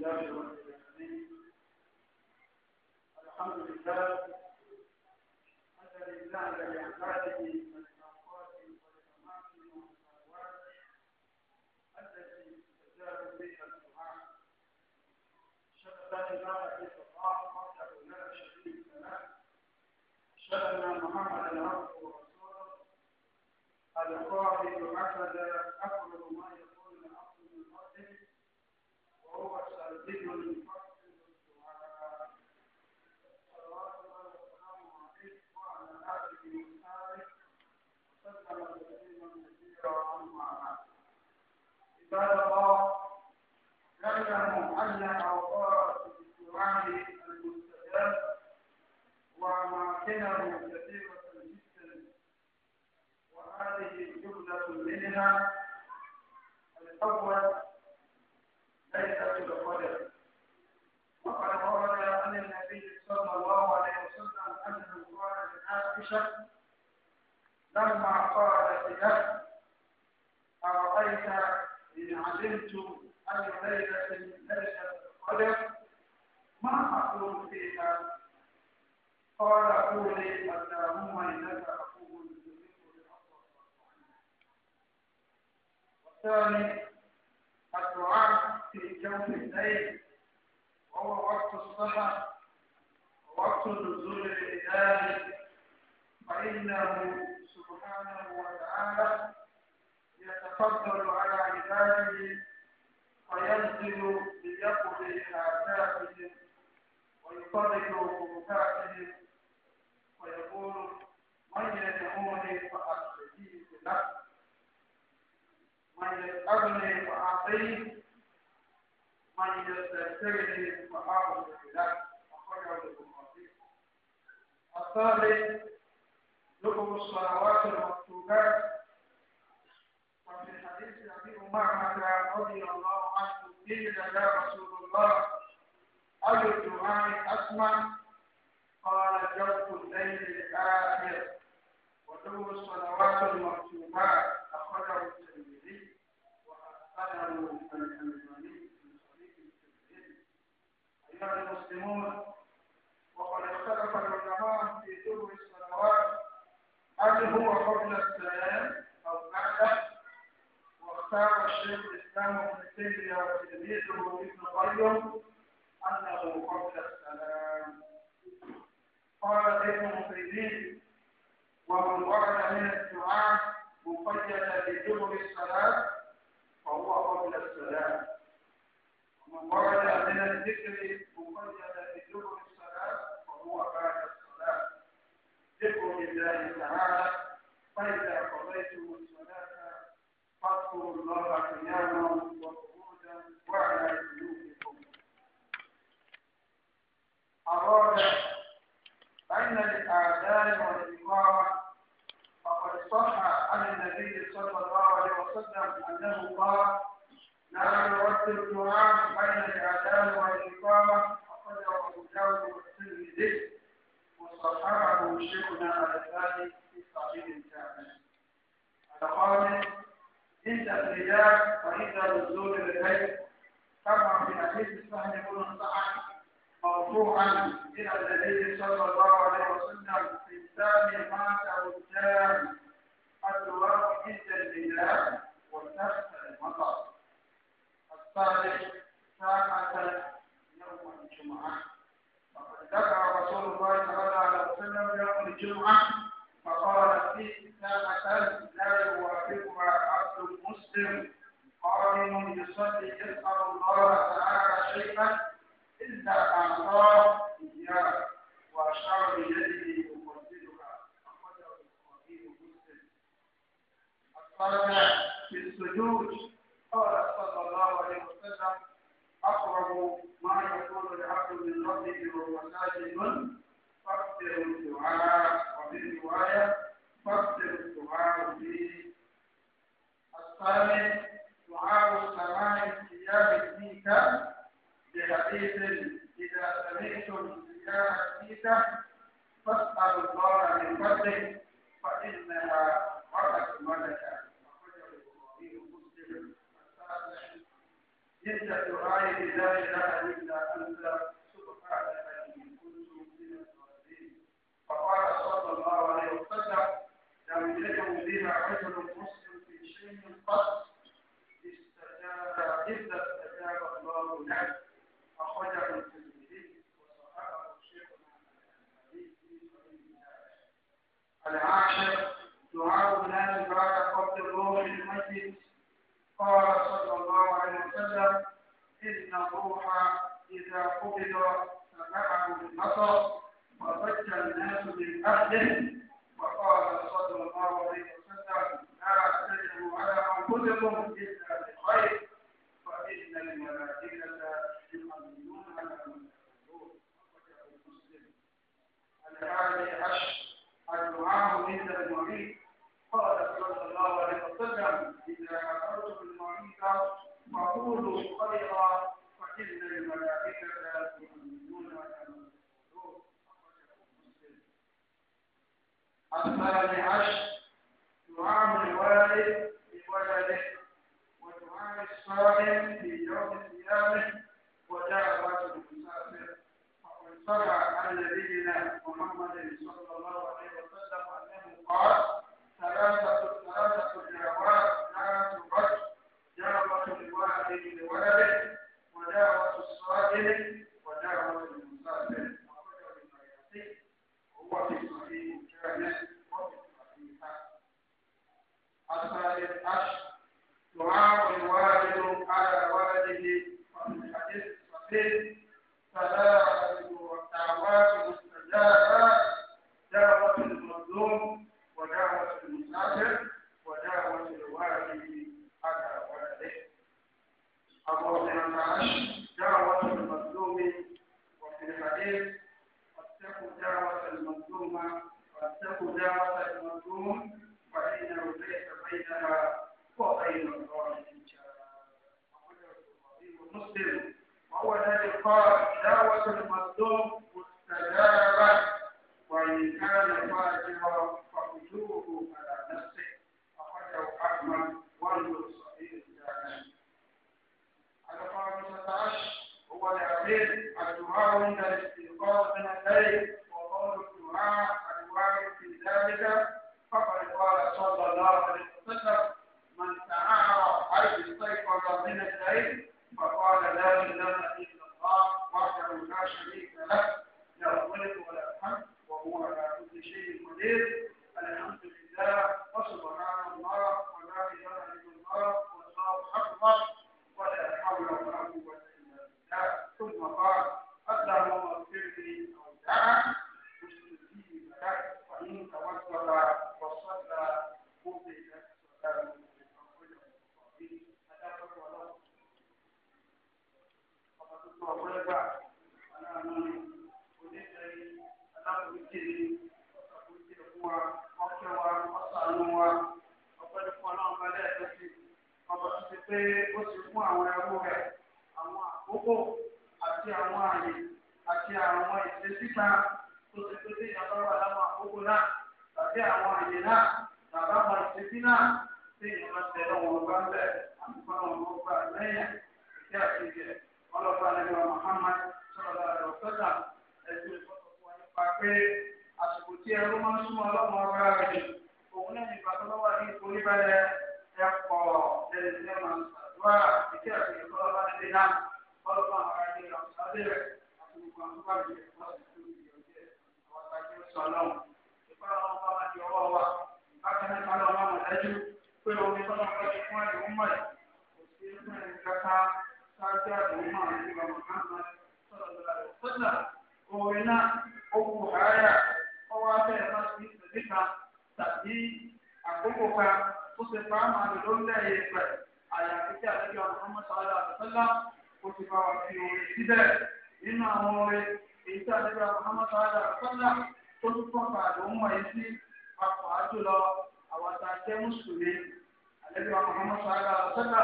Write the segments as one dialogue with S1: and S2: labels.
S1: لله رب العالمين الحمد لله الذي جعل لعباده والأقوات والأماكن والثروات التي تزال بها الدعاء أشهد أن لا إله إلا الله عبده ورسوله القائد عقد سبق نعلم أن أوقات الاستيعاب المستجاب وأماكنه كثيرة جدا وهذه جملة منها الأول ليلة القدر وقد ورد عن النبي صلى الله عليه وسلم أنه قال لعائشة لما قالت له أرأيت إن علمت أن ليلة ليلة القدر ما أقول فيها قال قولي اللهم إنك عفو تحب العفو والثاني يسجد ليقضي حاجاتهم ويفرج كرباتهم ويقول من يدعوني فأستجيب له من يسألني فأعطيه من يستجيبني فأغفر له أخرجه البخاري الثالث لكم الصلوات المكتوبات وفي حديث أبي أمامة رضي الله عنه قيل يا رسول الله
S2: أي الدعاء
S1: أسمع قال جوف الليل الآخر ودور الصلوات المكتوبات أخرجه الترمذي وحسنه الألباني من صديق الترمذي أيها المسلمون وقد اختلف العلماء في دور الصلوات هل هو قبل السلام أو بعده واختار الشيخ الاسلام ابن تيميه وتلميذه ابن القيم انه قبل السلام قال ابن مسلمين ومن ورد من الدعاء مقيدا بدبر الصلاه فهو قبل السلام
S2: ومن ورد من الذكر
S1: مقيدا بدبر الصلاه فهو بعد الصلاه ذكر الله تعالى فاذا واذكروا الله قياما وقعودا وعلى جنوبكم أراد أن الآذان والإقامة فقد صح عن النبي صلى الله عليه وسلم أنه قال
S2: لا يرد القرآن بين الآذان
S1: والإقامة فقد أبو داود والترمذي وصححه شيخنا الألباني في صحيح الجامع الخامس انت الرجاع وانت الرسول الرجل طبعا في حديث الصحيح يكون الصحيح موضوعا الى النبي صلى الله عليه وسلم في الثاني مات قد الدواب انت الرجاع وتحت المطر الثالث ساعة يوم الجمعة وقد ذكر رسول الله صلى الله عليه وسلم يوم الجمعة فقال فيه ساعة لا يوافقها المسلم قائم يصلي يسأل الله تعالى شيئا إلا أعطاه إياه وأشار بيده يقبلها أخرجه البخاري مسلم الصلاة في السجود قال صلى الله عليه وسلم أقرب ما يكون لعبد من ربه وهو ساجد فاكثر الدعاء وفي رواية فاكثر الدعاء به الثامن دعاء السماء الثياب الميتة بحديث إذا سمعتم ثياب الميتة فاسألوا الله من فضله فإنها مرت ملكا أخرجه البخاري ومسلم التاسع جدة دعاء لا إله إلا أنت سبحانك إني كنت من الظالمين فقال صلى الله عليه وسلم لم يدعو بها رجل استجاب إذا استجاب الله له أخرجه الترمذي وصححه شيخنا الألباني في صحيح العاشر دعاء الناس بعد قبض الروح الميت قال صلى الله عليه وسلم إن الروح إذا قبض تبعه بالنصر وبكى الناس من أهله وقال صلى الله عليه وسلم لا على أنفسكم إلا بخير فإن الملائكة يصلون على المتقون أخرجه مسلم الحادي عشر الدعاء عند المريض قال صلى الله عليه وسلم إذا أمرتم المريض فقولوا خيرا فإن الملائكة يؤمنون
S2: الثاني عشر
S1: دعاء الوالد الصالح في يوم القيامة ودعوة المسافر وقد صنع عن نبينا محمد صلى الله عليه وسلم أنه قال ثلاثة ثلاثة دعوات لا ترد دعوة الوالد لولده ودعوة الصالح dos kan tàbí àkókò kan tó ṣe fáwọn àmì lórílẹ̀ èyí pẹ̀ àyàfi tí àlejò àwọn ọmọ sọ̀rọ̀ àtọ́lá ó ti bá wa fi orin síbẹ̀ nínú àwọn orin èyí tí àlejò àwọn ọmọ sọ̀rọ̀ àtọ́lá tó tún fọ́n pa àdéhùn wọ̀nyí sí papọ̀ àjùlọ àwọn tá a jẹ́ mùsùlùmí àlejò àwọn ọmọ sọ̀rọ̀ àtọ́lá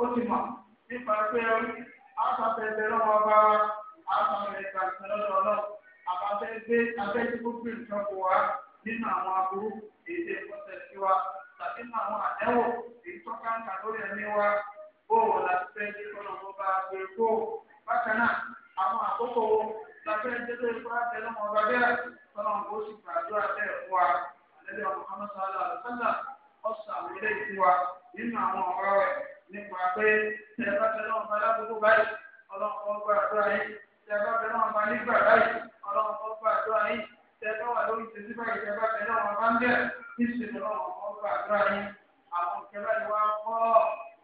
S1: ó ti mọ̀ nípa pé àtàtẹ̀tẹ̀ lọ́wọ́ bá àtàtẹ̀ ìgbà nínú àwọn aburú èyí tẹ́ ẹ̀kọ́ sí wa tàbí nínú àwọn àdẹ́wò èyí tó káńkà lórí wa o la fẹ́ kí ọ̀nà wọn bá gbé e kó bákan náà àwọn àkókò wo la fẹ́ a tẹ̀lé ọmọ ọba bẹ́ẹ̀ sì gbàdúrà bẹ́ẹ̀ fún wa ọ̀sà wọlé fún wa nínú àwọn ọ̀rọ̀ rẹ̀ nípa pé bá báyìí yìí tẹ́tọ́ wà lórí títí báyìí tẹ́ bá tẹ́lẹ̀ wọn bá ń bẹ̀ kí ìṣèlú náà wọn kọ́ gbà tó ayé àwọn ìkẹ́lá ni wọ́n á kọ́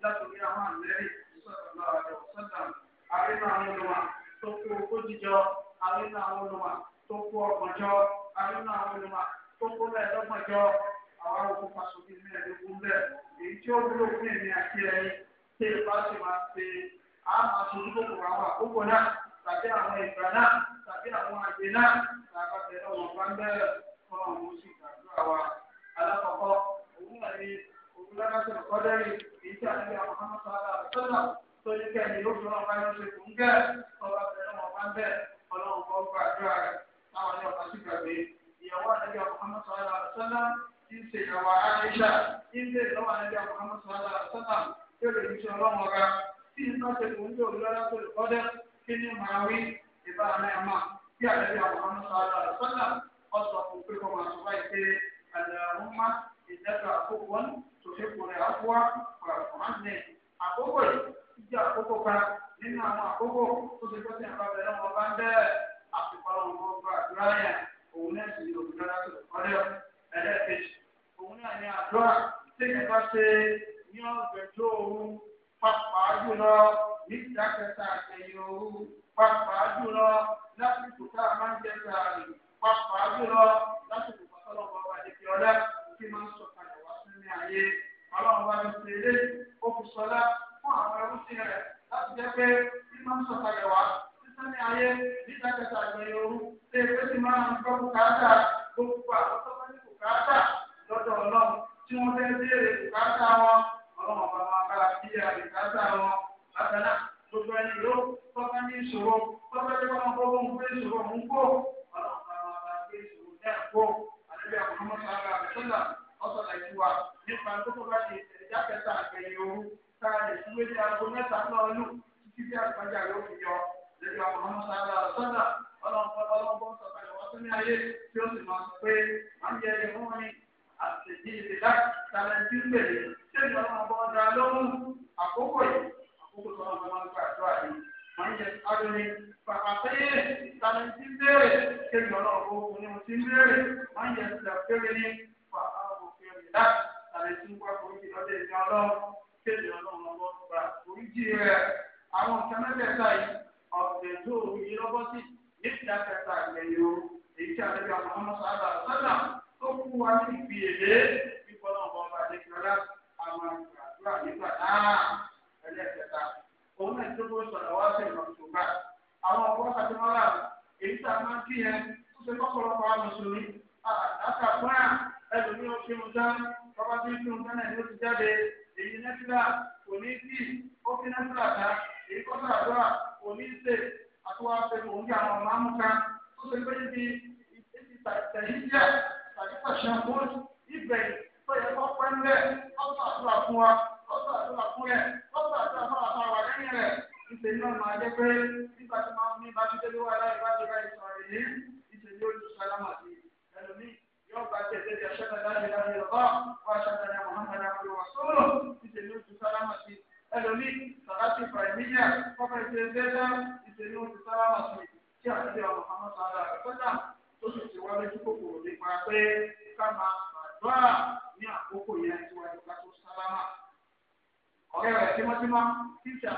S1: látòrí àwọn àlẹ́rì sọ̀tọ̀ lọ́wọ́ sọ́tà àrínà àwọn olùwà tó kó ogójìjọ àrínà àwọn olùwà tó kó ọgbọ̀njọ àrínà àwọn olùwà tó kó mẹ́ẹ̀ẹ́dọ́gbọ̀njọ àwọn àwòkọ́ pàṣọbí mẹ́ẹ̀ẹ́dógún bẹ́ẹ̀ èyí tí ó wúlò fún tàbí àwọn ìgbà náà tàbí àwọn àgbè náà tàbí àtẹ̀lẹ́ wọn bá ń bẹ̀rẹ̀ fún àwọn oṣù ìgbàdúrà wa. alákọ̀ọ́kọ́ òun náà ni òun lágbàtà kọ́dẹ́rì èyí tí a ti rí àwọn ọmọ sọ́dọ̀ àtọ́nà tó ní kẹ́ni ló fi wọn bá yọ ṣe fún gẹ́ ọba àtẹ̀lẹ́ wọn bá ń bẹ̀rẹ̀ ọlọ́run kọ́ gbàdúrà rẹ̀ táwọn ní ọ̀pá sí gbàgbé ìyàwó àtẹ̀lẹ́ àwọn sọ́dọ̀ àtọ́nà ti ṣe ìyàwó Aisha ti ń bẹ̀rẹ̀ lọ́wọ́ àtẹ̀lẹ́ àwọn sọ́dọ̀ kí ni màá wí ìbára náà máa bí àlejò àwọn ọmọ sọ àlọ́ àlùfáà ọ̀sọ̀ fún pé kọ́ máa sọ báyìí pé àlẹ́ àwọn máa ìdájọ́ àkókò wọn tòṣèkùnrin àbúwá ọ̀rọ̀mọ́ni àkókò yìí jẹ́ àkókò kan nínú àwọn àkókò tó ti gbọ́sẹ̀ àbábẹ́ lọ́wọ́ bá ń bẹ́ àfikọ́ ọmọ ọgbà àdúrà yẹn òun náà sì ní olùdára tó kọ́lẹ́ pàápàá jùlọ níta kẹta àtẹ̀yìn òru pàápàá jùlọ lásìkò tá a máa ń jẹ sàárì pàápàá jùlọ lásìkò pàtàkì ọba àdèkè ọlá tí máa ń sọ̀kalẹ̀ wá sí ní ayé ọlọ́run wá ní tẹ̀lé ó fi sọlá fún àwọn ẹrúsìn rẹ̀ láti jẹ́ pé tí máa ń sọ̀kalẹ̀ wá sísá ní ayé níta kẹta àtẹ̀yìn òru lè pé tí máa ń gbọ́ bùkátà gbogbo àwọn tó bá ní bùkátà lọ́dọ̀ ọlọ́run tí wọ́n fẹ́ ọlọ́run ọba máa bára sí àdìgbàsá wọn bákan náà gbogbo ẹni yóò tọ́ka ní ìṣòro tọ́ka ní wọn kó wọn gbé ìṣòro mú kó ọlọ́run ọba máa bá gbé ìṣòro náà kó àdébíyà kò mọ́ sára àbẹ̀sọ́là ọ̀sọ̀là ìtura nípa tó tó bá ti ìjà kẹta àgbẹ̀yìn ooru sára lè fi wéde aago mẹ́ta lọ́ọ̀lù títí bí àgbàjà yóò fi yọ àdébíyà kò mọ́ sára àbẹ̀sọ́là ọlọ́run ọlọ́run sọ̀kalẹ̀ wọ́n tó ní ayé sọ pé máa ń yẹ ẹ̀rọ wọn ni happening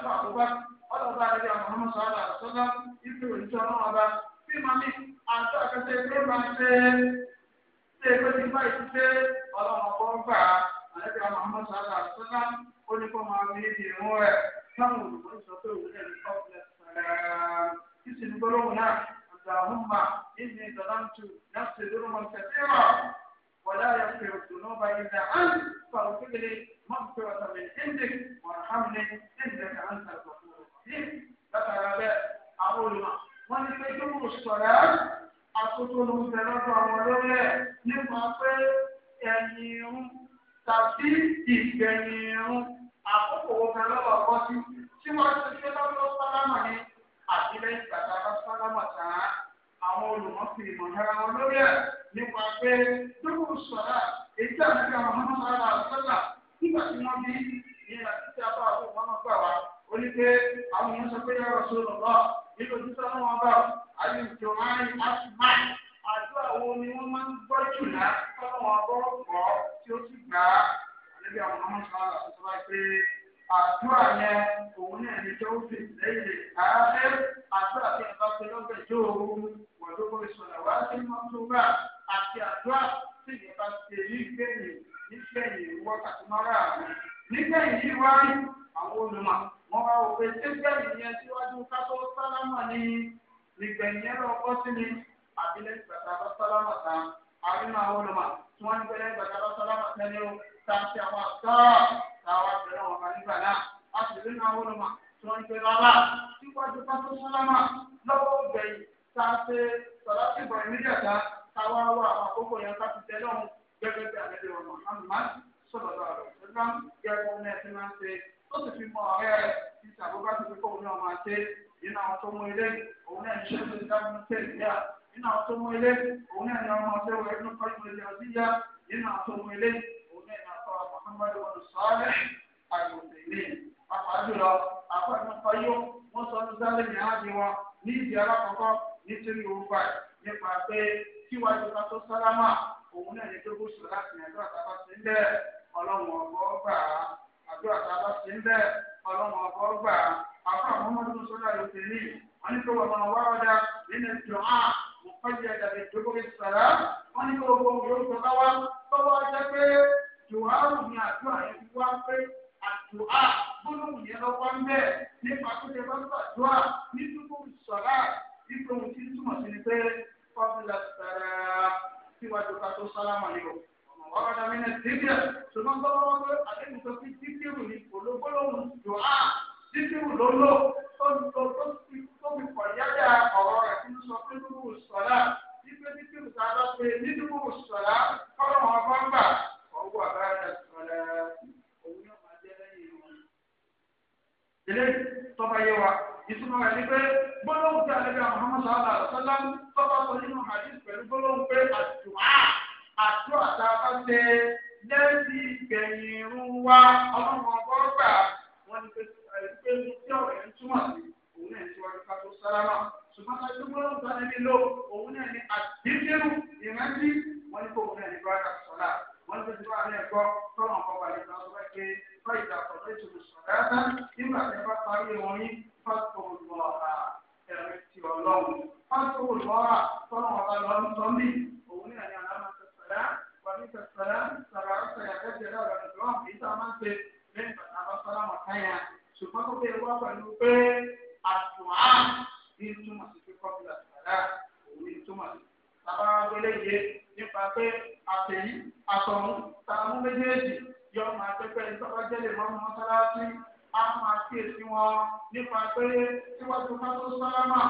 S1: àdúgbò àkóbá ọlọ́ba àdúgbò àmọ́mọ́ sọ́ọ́dà sọ́dà ibi òjò náà ọba bí màmí àti àkẹsẹ̀ pé máa ṣe ṣe pé ti bá ìṣiṣẹ́ ọlọ́mọkọ́ gbà àdúgbò àmọ́mọ́ sọ́ọ́dà sọ́dà ó ní kó máa ìrún rẹ̀ olùkọ́ pé òun kí sì ní náà ولا يغفر الذنوب إلا أنت فاغفر لي مغفرة من عندك وارحمني إنك أنت الغفور الرحيم فترى أقول ما وأن تجمع الصلاة أتطول مدرسة ولولا نبقى يعني tàbí ìgbẹ̀yìn àkókò ogun lọ́wọ́ bọ́ sí tí wọ́n ti ṣe lọ́wọ́ sálámà ní àtìlẹ́yìn bàtà bá sálámà tán àwọn olùmọ̀sí ìmọ̀lára wọn lórí ẹ̀ nípa pé dókòwò sọ̀rọ̀ èyí tí àti àwọn ọmọ náà sọ̀rọ̀ àtúntà nígbà tí wọ́n bí ní àtúntà bá àwọn ọmọ náà gbà wá ó ní pé àwọn èèyàn sọ pé yàrá ọ̀ṣọ́ lọ lọ nínú òtítọ́ náà wọn bá àyè ìjọ máyì àtúmáì àdúrà wo ni wọ́n máa ń gbọ́ jù náà tọ́lọ́wọ́n bọ́ àdúrà yẹn òun náà ní tó fi lẹ́yìn ààrẹ àdúrà tí ìbá ti lọ́gbẹ̀ tó ooru wọ̀dọ́gbọ̀ ìṣọ̀lá wá sí mọ́tòmá àti àdúrà tí ìbá ti nígbẹ̀yìn nígbẹ̀yìn wákàtí mọ́ra àwọn nígbẹ̀yìn yìí wá rí àwọn olùmọ̀ wọn bá wọ pé nígbẹ̀yìn yẹn síwájú kátó sálámà ní nígbẹ̀yìn yẹn lọ kọ́ sí ni àbílẹ̀ gbàtà sálámà tán àrínà ọ̀rẹ́ wọn bá nígbà náà a sì rí náà wọ́n mọ̀ tí wọ́n ń pè lọ́la síwájú pátó sálámà lọ́wọ́ gbẹ̀yìn tá a ṣe sọ̀rọ̀ sí ìbọn ìmídẹ̀ta tá a wá wá àwọn àkókò yẹn ká ti tẹ́ lọ́hùn gẹ́gẹ́ bí àlejò ọ̀nà àmà sọ̀rọ̀ lọ́rọ̀ ṣẹ́gbà yẹ kó ní ẹtí máa ń ṣe ó sì fi mọ ọ̀rẹ́ rẹ̀ ti ṣàbúgbà tó fi kó òun náà máa ṣe nínú àwọn tó mú ilé òun náà ṣe é dáhùn tẹ̀lé nínú àwọn tó mú ilé òun náà ni ọmọ ọ̀sẹ̀ wẹ̀ ẹnu kọ́ ìmọ̀ ilé ọdún yá nínú àwọn tó mú ilé òun náà ni àtọ́wà Muhammadu sọ́ọ́lẹ̀ àgbòsílẹ̀ àpàdùlọ àpàdùkọ yóò wọ́n sọ ní sálẹ̀ ní àádé wọn ní ìdí alákọ̀ọ́kọ́ ní tírí orúkọ ẹ̀ nípa pé kíwájú ká tó sálámà òun náà ní tó gúúsù láti ẹ̀dọ́ àtàbà sí ń bẹ́ẹ̀ ọlọ́run ọ̀gọ́ gbà á àdó àtàbà sí ń bẹ́ẹ̀ ọlọ́run ọ̀gọ́ gbà á àfọ àwọn ọmọdé tó sọ́dọ̀ ló ti ní wọ́n ní kí wọ́n máa wá ọ̀dà nínú ìjọ hàn àdúrà gbólóhùn yẹn lọ́pọ̀ ń bẹ̀ nípa tó ṣe bá ń gbàdúrà ní túbú sọ̀rá nípa ohun tí ń túmọ̀ sí ni pé fọ́bùlà sàrà síwájú ká tó sálámà níbọ̀. ọ̀rọ̀ dàmí ní dídìrì ṣùgbọ́n gbọ́dọ̀ pé àdéhùn tó fi dídìrì ní gbólóhùn dùhà dídìrì ló lò tó fi pọ̀ yájà ọ̀rọ̀ rẹ̀ tí ń sọ pé túbú sọ̀rá nígbà dídìrì sàrà pé ní túbú sọ̀rá fọ́lọ́mọ̀ eléyìí tọ́ba yé wa ìtumọ̀ rẹ̀ ni pé gbólóhùn tí alẹ́ bí àwọn ọmọ sọ̀rọ̀ àlọ́sọ́lá tọ́ba sọ nínú hadith pẹ̀lú gbólóhùn pé àtúwà àtúwà tá a bá ṣe lẹ́sí gbẹ̀yìn irun wa ọlọ́mọ ọgọ́gbà wọn ni pé pé ní tí ọ̀rọ̀ yẹn túmọ̀ sí òun náà ti wá nípa tó sálámà ṣùgbọ́n ká tó gbólóhùn tó alẹ́ nílò òun náà ni àdídérù ìrántí wọn ni kó òun náà ní fáìdà ọ̀rẹ́ ìṣòro sọ̀dáàdá nígbà tí wọ́n parí orin pásítọ̀ olùwọ̀ra ẹ̀rí ti ọlọ́run pásítọ̀ olùwọ̀ra tọ́nà ọba lọ ń sọ mí òun ní àyà aláma tẹ̀sẹ̀lá wàmí tẹ̀sẹ̀lá sàrà sàyà tẹ̀sẹ̀ lára ìdúrà kì í sá máa ń ṣe lẹ́yìn bàtà bá sọ́lá wọn káyà ṣùgbọ́n tó bẹ́ẹ̀ wá pẹ̀lú pé àtẹ̀yìn àtọ̀hún tààmú méjèèjì yọ máa pẹpẹ ìtọ́kọ̀jẹ́lẹ̀ mọ́ mọ́sálásí á máa kíyèsí wọn nípa pé síwájú ká tó sálámà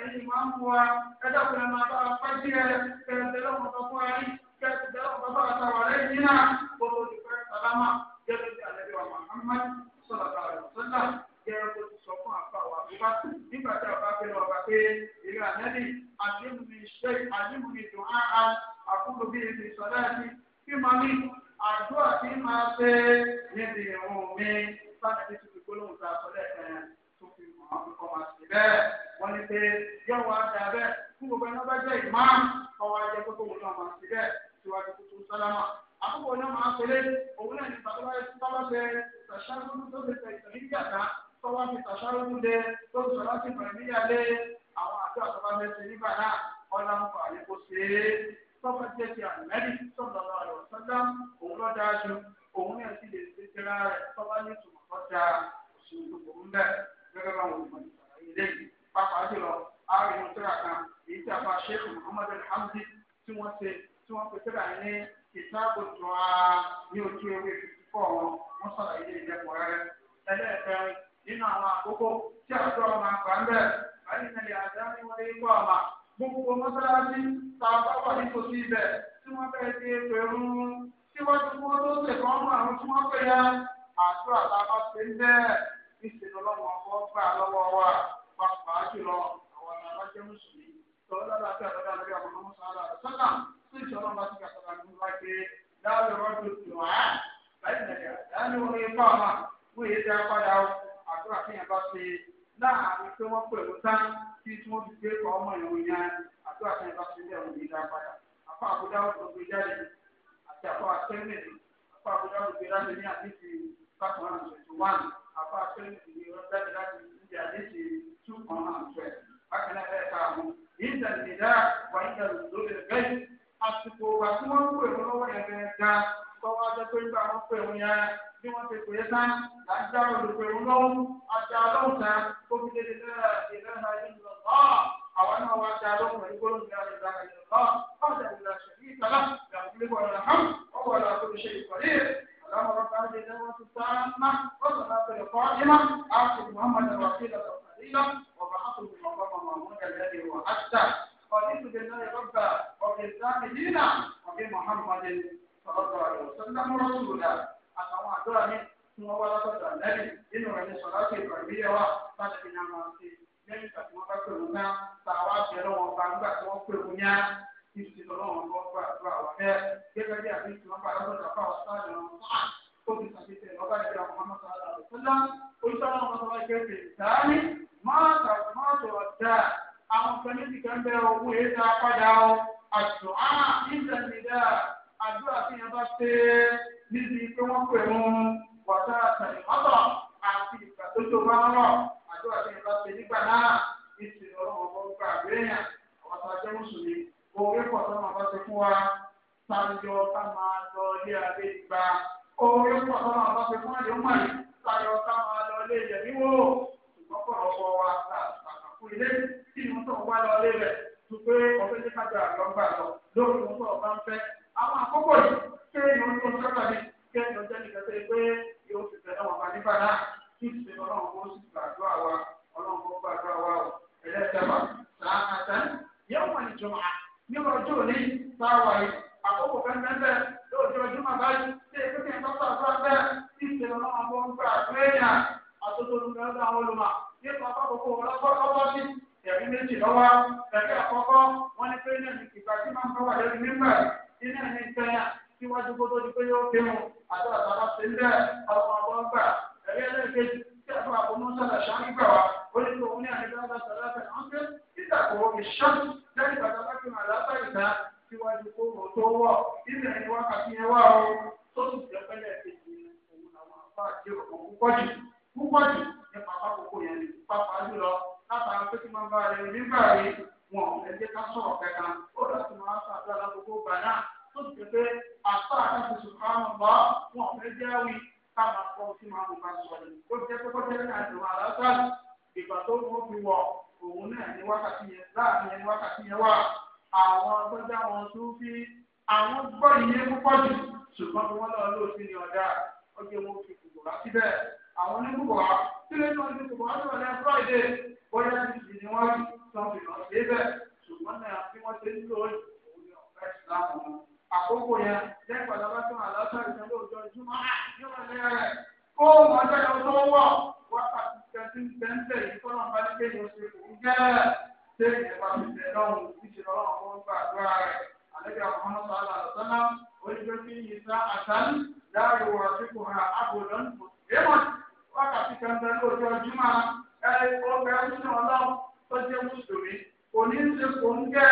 S1: ẹ̀yin máa ń wá ẹjọ́ pé máa bá a pẹ́ díẹ̀ kẹ̀kẹ́ lọ́wọ́ tó fún ẹ̀yìn kẹ̀kẹ́ lọ́wọ́ tó bá a ta wà lẹ́yìn náà gbogbo olùkọ́ sálámà jẹ́ lórí àlejò àwọn Muhammad sọ̀rọ̀ àlùsọ́lá jẹ́ kó ti sọ fún àpá wa bíbá nígbà tí a bá fẹ́ lọ bá pé ìrìn àlẹ́ kí máa ní àdúrà tí máa ṣe níbi ìrún mi sábà tí tuntun gbólóhùn tá a sọ lẹ́ẹ̀kan yẹn tó fi mọ̀ ọ́n fi kọ́ máa ṣe bẹ́ẹ̀ wọ́n ní pé yóò wá dà bẹ́ẹ̀ fún gbogbo ẹni ọba jẹ́ ìmáàmù ọwọ́ ajẹ́ pé kóun náà máa ṣe bẹ́ẹ̀ síwájú tó tún sálámà àkókò náà máa pélé òun náà ní tàbí tàbá ṣe tàṣàrúdú tó ṣe ṣe ìtàn nígbàdá tọ́wọ́ fi tàṣàrúdú lé tó ṣe láti bẹ̀rẹ̀ níyàlé àwọn àti àtọ́bá nígbà náà ọ̀làǹfà kò ṣe tọ́mọ jẹ́ ti àlẹ́rí tọ́mọ lọ àlọ́ sọ́dá òun lọ́ dáa ju òun náà sì lè ṣe tẹ́lá rẹ̀ tọ́mọ ní ìtumọ̀ tó da òṣèlú tó kò ń bẹ̀ gẹ́gẹ́ bá wọn ìmọ̀ ìsàlàyé lẹ́yìn pàápàá jùlọ àárín tíra kan èyí tí a fa sheikh muhammad alhamdi tí wọ́n ṣe tí wọ́n pe tíra ní kìtàbù tó a ní ojú ewé fifty four wọn wọ́n sàlàyé lè lẹ́kọ̀ọ́ rẹ̀ ẹlẹ́ẹ̀kẹrin nínú àwọn àkókò tí àjọ ọmọ àgbà ń bẹ̀ báyìí nílẹ̀ àdáni wọlé ikọ̀ ọmọ gbogbo mọ́sálásí ta pápá nítòsí ibẹ̀ tí wọ́n fẹ́ di pẹ̀lú síwájú kó tó ṣe kọ́ mọ́ àwọn tí wọ́n fẹ́ ya àdúrà tá a bá ṣe ń bẹ́ẹ̀ níṣẹ́ni ọlọ́run ọkọ̀ gbà lọ́wọ́ wa pàápàá jùlọ àwọn alábàjẹ́ mùsùlùmí tọ́lá dáadáa bí àdọ́dá lórí àwọn ọmọ sọ́lá sọ́lá tó ìṣọ́lá bá ti kàtàkà ní wá pé dáàbò rọ́dù tìwá láì nàìjà dáàbò orí ipá tí tí wọ́n fi gbé pa ọmọ ìwé yẹn àti àti ìbá sílẹ̀ òun ní ìdá padà àpá àbúdá wọn gbé jáde àti àpá àtẹ́lẹ̀ àpá àbúdá wọn gbé jáde ní àdéhì kákan àti twenty one àpá àtẹ́lẹ̀ ní ọ̀dájú láti ní àdéhì two kan and twelve bákan náà ẹ̀ ká àwọn ìdá ìdá wà ìdá lórí ẹgbẹ́ àsìkò ìgbà tí wọ́n kó èrò lọ́wọ́ yẹn fẹ́ ga tọ́wọ́ ajẹ́ pé nígbà wọn kó èrò yẹn bí wọ́n ti lọ́kùnrin kó yìí sáwà yìí àkókò fẹ́ńtẹ́ńtẹ́ lóòjọ́ ojúmọ̀ báyìí ṣé ìpínlẹ̀ ìtọ́sọ̀ àgbà bẹ́ẹ̀ tí ìṣèlú náà bọ́ ń gbà àgbẹ̀yà àtúntò olùkọ́ ẹ̀dá àwọn olùmọ̀ nípa àkókò ọlọ́gbọ́lọ́gbọ́ sí ẹ̀rí méjì lọ́wọ́ ẹ̀rí àkọ́kọ́ wọn ní pé ní ìgbà tí máa ń bọ́ wà lórí nígbà nínú ẹ̀mí ìfẹ́ síwájú kó tó di pé yóò fi mu àti àtàlà ṣe ń bẹ́ẹ̀ ọmọ lẹ́yìn bàtà bá fi màlá bá ìdá síwájú kó mọ̀ tó wọ̀ ilẹ̀ ẹni wákàtí yẹn wà ó tó sì jẹ́ pẹ́lẹ́ kejì òun làwọn àbá àti ọ̀pọ̀ púpọ̀ jù púpọ̀ jù ní pàpà kókó yẹn ní pàpà jùlọ látara pé kí máa bá rẹ nígbà rí wọn ò lè jẹ́ ká sọ̀rọ̀ kẹta ó láti máa sàdúrà lágbogbo gbà náà tó sì jẹ́ pé àpá àti sùkúránù bá wọn òun náà ní wákàtí yẹn láàrin yẹn ní wákàtí yẹn wà àwọn gbọ́dá wọn tó fi àwọn gbọ́ ìyẹn púpọ̀ jù ṣùgbọ́n bí wọ́n náà lóòótọ́ ní ọ̀dà ọjọ́ wọn fi kòkòrò wá síbẹ̀ àwọn onígbòkò wá sílẹ̀ náà ní kòkòrò wá sí ọ̀dà Friday bóyá ti sì ni wọ́n rí tán fi lọ sí ibẹ̀ ṣùgbọ́n náà bí wọ́n ṣe ń lò òun ni ọ̀fẹ́ ìsìlámù àkókò yẹn ah, lẹ́yìn padà bá tún àlọ́ sáré kẹsí gbẹ́ńtẹ̀ yìí kọ́nà bá ní kéde oṣù kò ń jẹ́ ṣé ìjọba fi tẹ̀ lọ́hùn níṣẹ́ lọ́wọ́ fún gbàdúrà rẹ̀ àlejò àwọn ọmọ sọ́lá sọ́lá onígbèsè yìí sá àtàn láàrin wọ̀ àtìkù ha àbòdàn èèmọ̀ wákàtí kan bẹ́ẹ̀ lójú ọjọ́mọ́ ẹ̀ ọgbẹ́ ọ̀ṣun ọlọ́run tó jẹ́ mùsùlùmí kò ní í ṣe kò ń gẹ́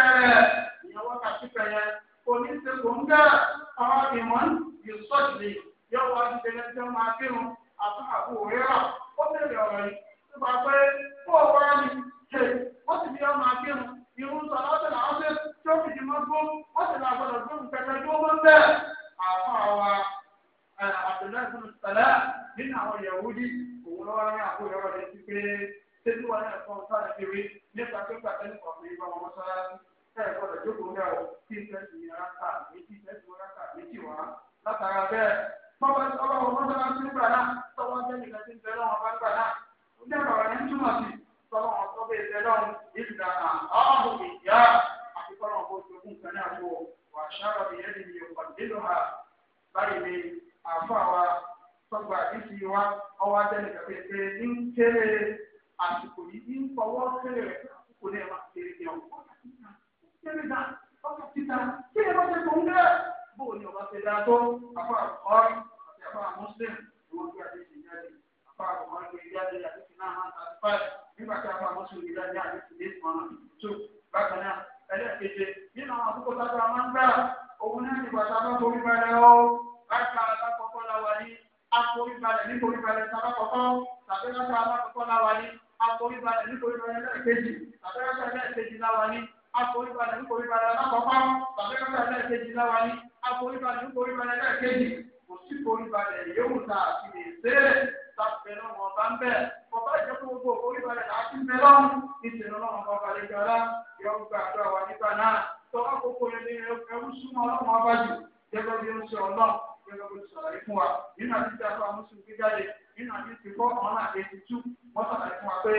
S1: ẹlẹ́ẹ̀kejì láwa ní aforíbalẹ̀ nítoríbalẹ̀ ẹlẹ́ẹ̀kejì kò sí foríbalẹ̀ yóò ta àti lè sẹ́rẹ̀ sáfẹ́ náà wọn bá ń bẹ̀ ọba ìjọba gbogbo foríbalẹ̀ láti bẹ̀ lọ́n níṣẹ́ lọ́wọ́ ọba balẹ̀ jọlá yọ gbà àdó àwa nígbà náà tọ́wọ́ kókó yẹn ní ẹrú súnmọ́ ọlọ́wọ́ ọba jù gẹ́gẹ́ bí ó ń ṣe ọlọ́ gẹ́gẹ́ bí ó ṣàlàyé fún wa nínú àtijọ́ àti àwọn mùsùlùmí gbígbáyé nínú àtijọ́ ìfọ́ ọ̀hún àti ètí tú wọ́n ṣàlàyé fún wa pé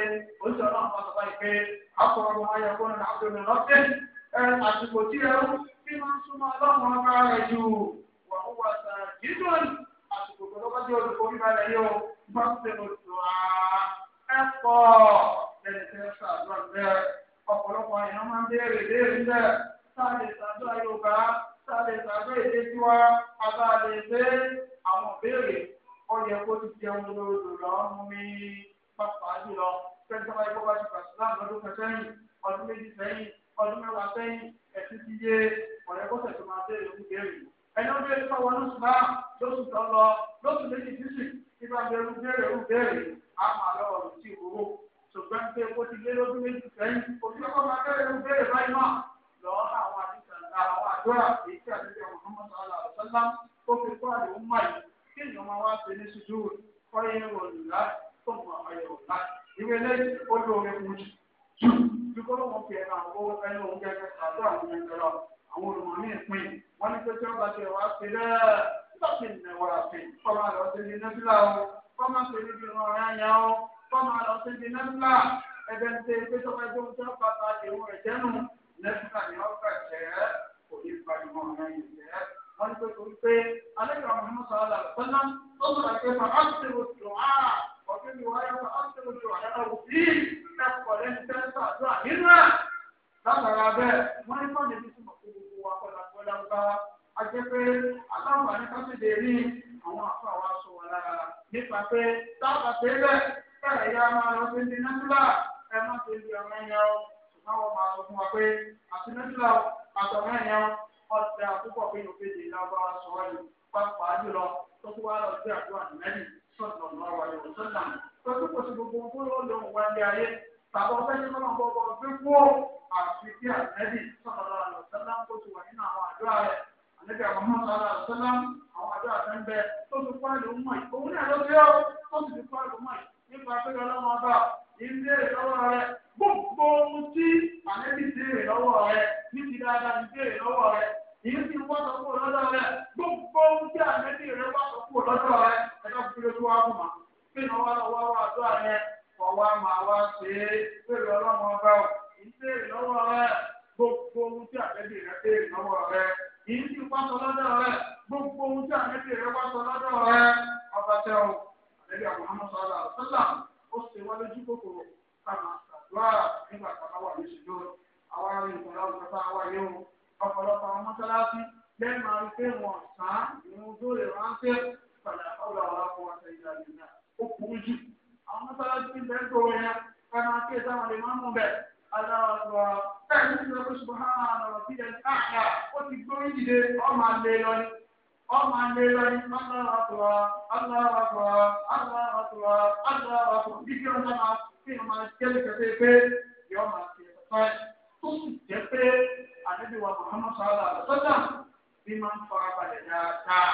S1: ó ń ṣe ọlọ́run pàṣẹ báyìí pé àkọ́rọ̀ ọmọ ayọ̀ kó nínú àtijọ́ ìrìnlọ́tẹ̀ àsìkò tí ẹrú kí máa ń súnmọ́ ọlọ́run ọba rẹ̀ jù wà ó wà sá jíjọ àsìkò tọ́lọ́kọ́jọ́ olùkọ́ oníbalẹ̀ yóò bá sẹ́nu tó a ẹ pọ̀ lẹ́yìn tẹ́ sàdúrà bẹ́ẹ̀ ọ̀pọ̀lọpọ̀ àyàn máa ń béèrè léèrè bẹ́ẹ̀ sáàlè sàdúrà yorùbá sáàlè sàdúrà èdè tiwa àbáàlè gbé àwọn béèrè ọyẹ kó ti jẹun lòdò lọ́mú mi pàpà jùlọ pẹ́ńtàbá ikọ́ ọdún méjì sẹ́yìn ọdún mẹ́wàá sẹ́yìn ẹ̀sìn ti yé ọ̀rẹ́ bọ́sẹ̀ tó máa bẹ̀rẹ̀ lórí bẹ́ẹ̀rẹ̀ ẹni ó bẹ̀rẹ̀ fọwọ́ lóṣù bá lóṣù tó lọ lóṣù méjì sísì tí bá bẹ̀rù bẹ̀rẹ̀ ó bẹ̀rẹ̀ á máa lọ ọ̀rọ̀ sí ìwúrò ṣùgbọ́n pé ó ti lé lójú méjì sẹ́yìn òbí ọkọ̀ máa bẹ̀rẹ̀ ó bẹ̀rẹ̀ báyìí máa lọ àwọn àdúrà èyí tí àdúrà Muhammad sallallahu alaihi wa sallam ó fi kọ́ àdéhùn máa yìí kí èèyàn máa wá ṣe ní ṣojú kọ́ yẹn wọ̀ lùlá tó mọ ayọ̀ ọ̀la ìwé lẹ́yìn ó lóore mú jù jù kí kọ́ ló mọ̀ fi ẹ̀ka àwọn owó àwọn olùmọ̀mí ìpín wọn ní pé tí wọn bá ti wá sí lẹ́ẹ̀ nígbà tí ìnà wà sí kọ́má lọ sí ní nẹ́bílà o kọ́má sí níbi ìran ẹ̀yà o kọ́má lọ sí ní nẹ́bílà ẹgbẹ́ ní pé tó bá jẹ́ oúnjẹ pàtà ìwọ ẹ̀jẹ̀ nù nẹ́bílà ni wọ́n fẹ́ jẹ́ kò ní gbajúmọ̀ ẹ̀yìn jẹ́ wọ́n ní pé tó sọ̀rọ̀ pé mà á ti rò gbangba ajẹ́pẹ́ aláwọ̀ àníkásíde rí àwọn àfọ àwọn aṣọ wọn lára nípa pé táàbà pé bẹ́ẹ̀ bẹ́ẹ̀ ya máa lọ sí ní nẹ́tílà ẹ má ti di ọmọ ẹ̀yàn o ṣùgbọ́n wọn máa sọ fún wa pé àti nẹ́tílà àtọ̀mọ́ ẹ̀yàn ọ̀sẹ̀ àkókò pé yóò fi dènà bá wa sọ pàápàá jùlọ tó tún wá lọ sí àdúrà nẹ́ẹ̀lì sọ̀tọ̀ lọ́wọ́ ayọ̀ sọ́tàn tó tún kò gbogbo gbogbo lóhùn wá ayé tàbí ọ̀fẹ́ ní kọ́nà gbogbo gbé kúrò àti bí àtẹ́lì sọ̀rọ̀ àlọ́sẹ́lá ń kóso wà nínú àwọn àdúrà rẹ̀ àlẹ́bí àwọn ọmọ sọ̀rọ̀ àlọ́sẹ́lá àwọn àdúrà tẹ́ ń bẹ tó ti kọ́ ìlú mọ̀ yìí òun ní àlọ́ bíọ́ tó ti kọ́ ìlú mọ̀ yìí nípa pẹ́lú ọlọ́mọ ọba ilé ìlọ́wọ́ rẹ̀ gbogbo ohun tí àlẹ́bí béèrè lọ́wọ́ rẹ̀ ní dáadáa ní lọ́wọ́ rẹ̀ èyí sì wá sọ kúrò lọ́dọ̀ rẹ̀ gbogbo ohun tí àlẹ́bí rẹ̀ sọ kúrò lọ́dọ̀ rẹ̀ ẹ̀dá fi lójú wa kùmà pé ìnáwó wa wá wá àdúrà fọwọ́ máa wá ṣe é pẹ̀lú ọlọ́run ọba ò kì í béèrè lọ́wọ́ rẹ gbogbo ohun tí àtẹ́bí rẹ béèrè lọ́wọ́ rẹ kì í sì pàṣọ lọ́dọ̀ rẹ gbogbo ohun tí àtẹ́bí rẹ pàṣọ lọ́dọ̀ rẹ ọba tẹ o àtẹ́bí àwọn ọmọ sọ́dọ̀ àtọ́là ó ṣe wá lójú kòkòrò káma àdúrà nígbà táwa wà lóṣù lọ àwa rí ìgbàlá òkúta wa yé o ọ̀pọ̀lọpọ̀ àwọn mọ́sálásí wọn sàn àwọn akọ̀wàṣẹ́ àwọn mọ́sálásí ti bẹ́ẹ̀ tó wọ́n yá kánú àti ẹ̀sán àwọn lè má mú bẹ́ẹ̀ aláwọ̀ bẹ́ẹ̀ ní ìlú ọkọ̀ ṣùgbọ́n àwọn ti yẹn káàkà ó ti gbórí dìde ọmọ àlè lọ ni ọmọ àlè lọ ni aláwọ̀ aláwọ̀ aláwọ̀ aláwọ̀ bí kí wọ́n máa kí wọ́n máa jẹ́lẹ̀ kẹfẹ́ pé yọ máa ti ẹ̀fẹ́ tó sì jẹ́ pé àdébí wa Muhammad sọ́lá àlọ́sọ́jà bí máa ń fara balẹ̀ dáadáa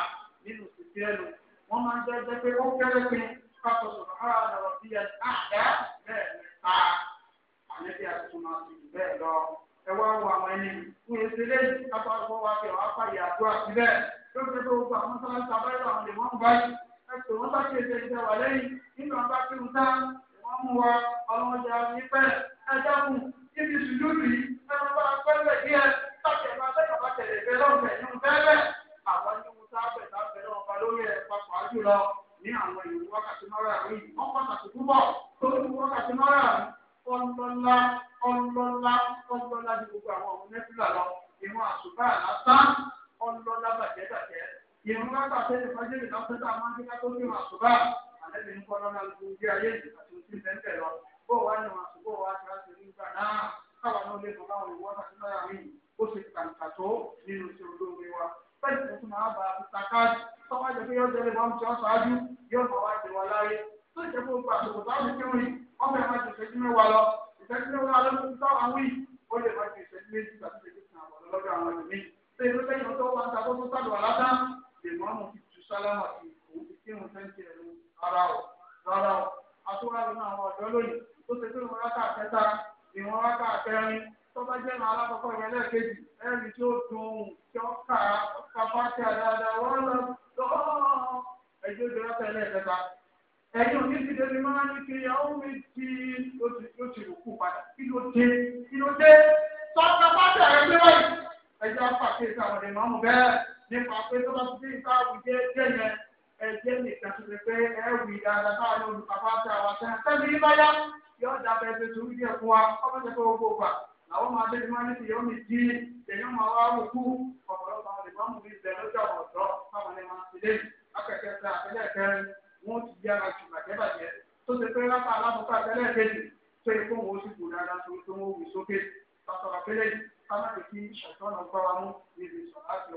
S1: nínú ìsìnkú ẹ̀lú wọ́n máa ń jẹ́ jẹ́ kakọ sọ̀rọ̀ ara rẹ̀ wọ̀ bí ẹ àdá bẹ́ẹ̀ ni ta àlẹ́bí àtúntò àti bẹ́ẹ̀ lọ. ẹ wá wo àwọn ẹni fún ẹsẹ lẹ́yìn kápá ọgbọ́n wa kẹ̀ wá fàyè àdó àti bẹ́ẹ̀ lóṣù tó gbogbo àwọn sáláṣí abáyọ̀ àwọn lè wọ́n ń báyìí ẹ̀sùn wọn bá kí ẹsẹ̀ ìjẹ wà lẹ́yìn nínú àbá kí n tá wọ́n mú wa ọlọ́run jẹ àwọn ìpẹ́ ẹ̀dáhùn ibi sùdúrì ẹ̀rọ bá pẹ́lẹ̀ díẹ̀ bàtẹ̀ máa bẹ́ẹ̀ bàtẹ̀ lè ní àwọn ìlú wákàtí náírà rí wọ́n pàtàkì púpọ̀ tó ní wákàtí náírà ọlọ́lá ọlọ́lá ọlọ́lá ní gbogbo àwọn ọmọ mẹ́fìlá lọ ìrún àṣùbà lásán ọlọ́lá bàjẹ́ bàjẹ́
S2: ìrún lábà tẹ́lẹ̀
S1: fájẹ́lẹ̀ lọ́sẹ̀ tá a máa ń gbé kátó ní àṣùbà àlẹ́bí ń kọ́ lọ́nà gbogbo ayé àti oṣù tẹ́ńtẹ̀ lọ bó wà ní àṣùbò wà á ti ráṣẹ nígbà náà káwọn náà lè bọ̀ láwọn ìwọ́n náírà rí ó ṣe kàǹkà tó nínú iṣẹ́ olóore wa fẹ́ẹ̀lì tuntun náà bá a fi sàkáàdì tọ́wọ́ jẹ́ pé yóò jẹ́ lè wọ́n ti ọ̀ṣọ́ ájú yóò fọwọ́ àti wọn láyé tó ìjẹ́ fún gbogbo àtòkò tó pé tó bá ti ká àwùjẹ ẹjẹ yẹn ẹjẹ nìkan tó ti pé ẹ wì dáadáa náà ló lù kápá tẹ àwọn sẹ́yìn sẹ́yìn ní báyá yóò dábẹ́ ẹgbẹ́ tó ń jẹ fún wa ọmọ ìjọba gbogbo gbà làwọn máa dé ìmọ̀ ní tìyọ́ mi di èyí máa wá wò kú ọ̀pọ̀lọpọ̀ àwọn ìmọ̀mù mi bẹ̀ lọ́jọ́ ọ̀dọ́ táwọn ẹ̀ máa ti lé akẹ́kẹ́ fẹ́ àtẹ́lẹ̀ kẹrin ti yára jù bàjẹ́bàjẹ́ tó ti pé rákà alábùkà àtẹ́lẹ̀ kejì tó yẹ wọn ó sì kú dáadáa tó tó wọn ó wù sókè pàtàkì àpẹẹrẹ ká má lè kí ṣàtọ́nà gbára mú níbi ìsọ̀rọ̀ àti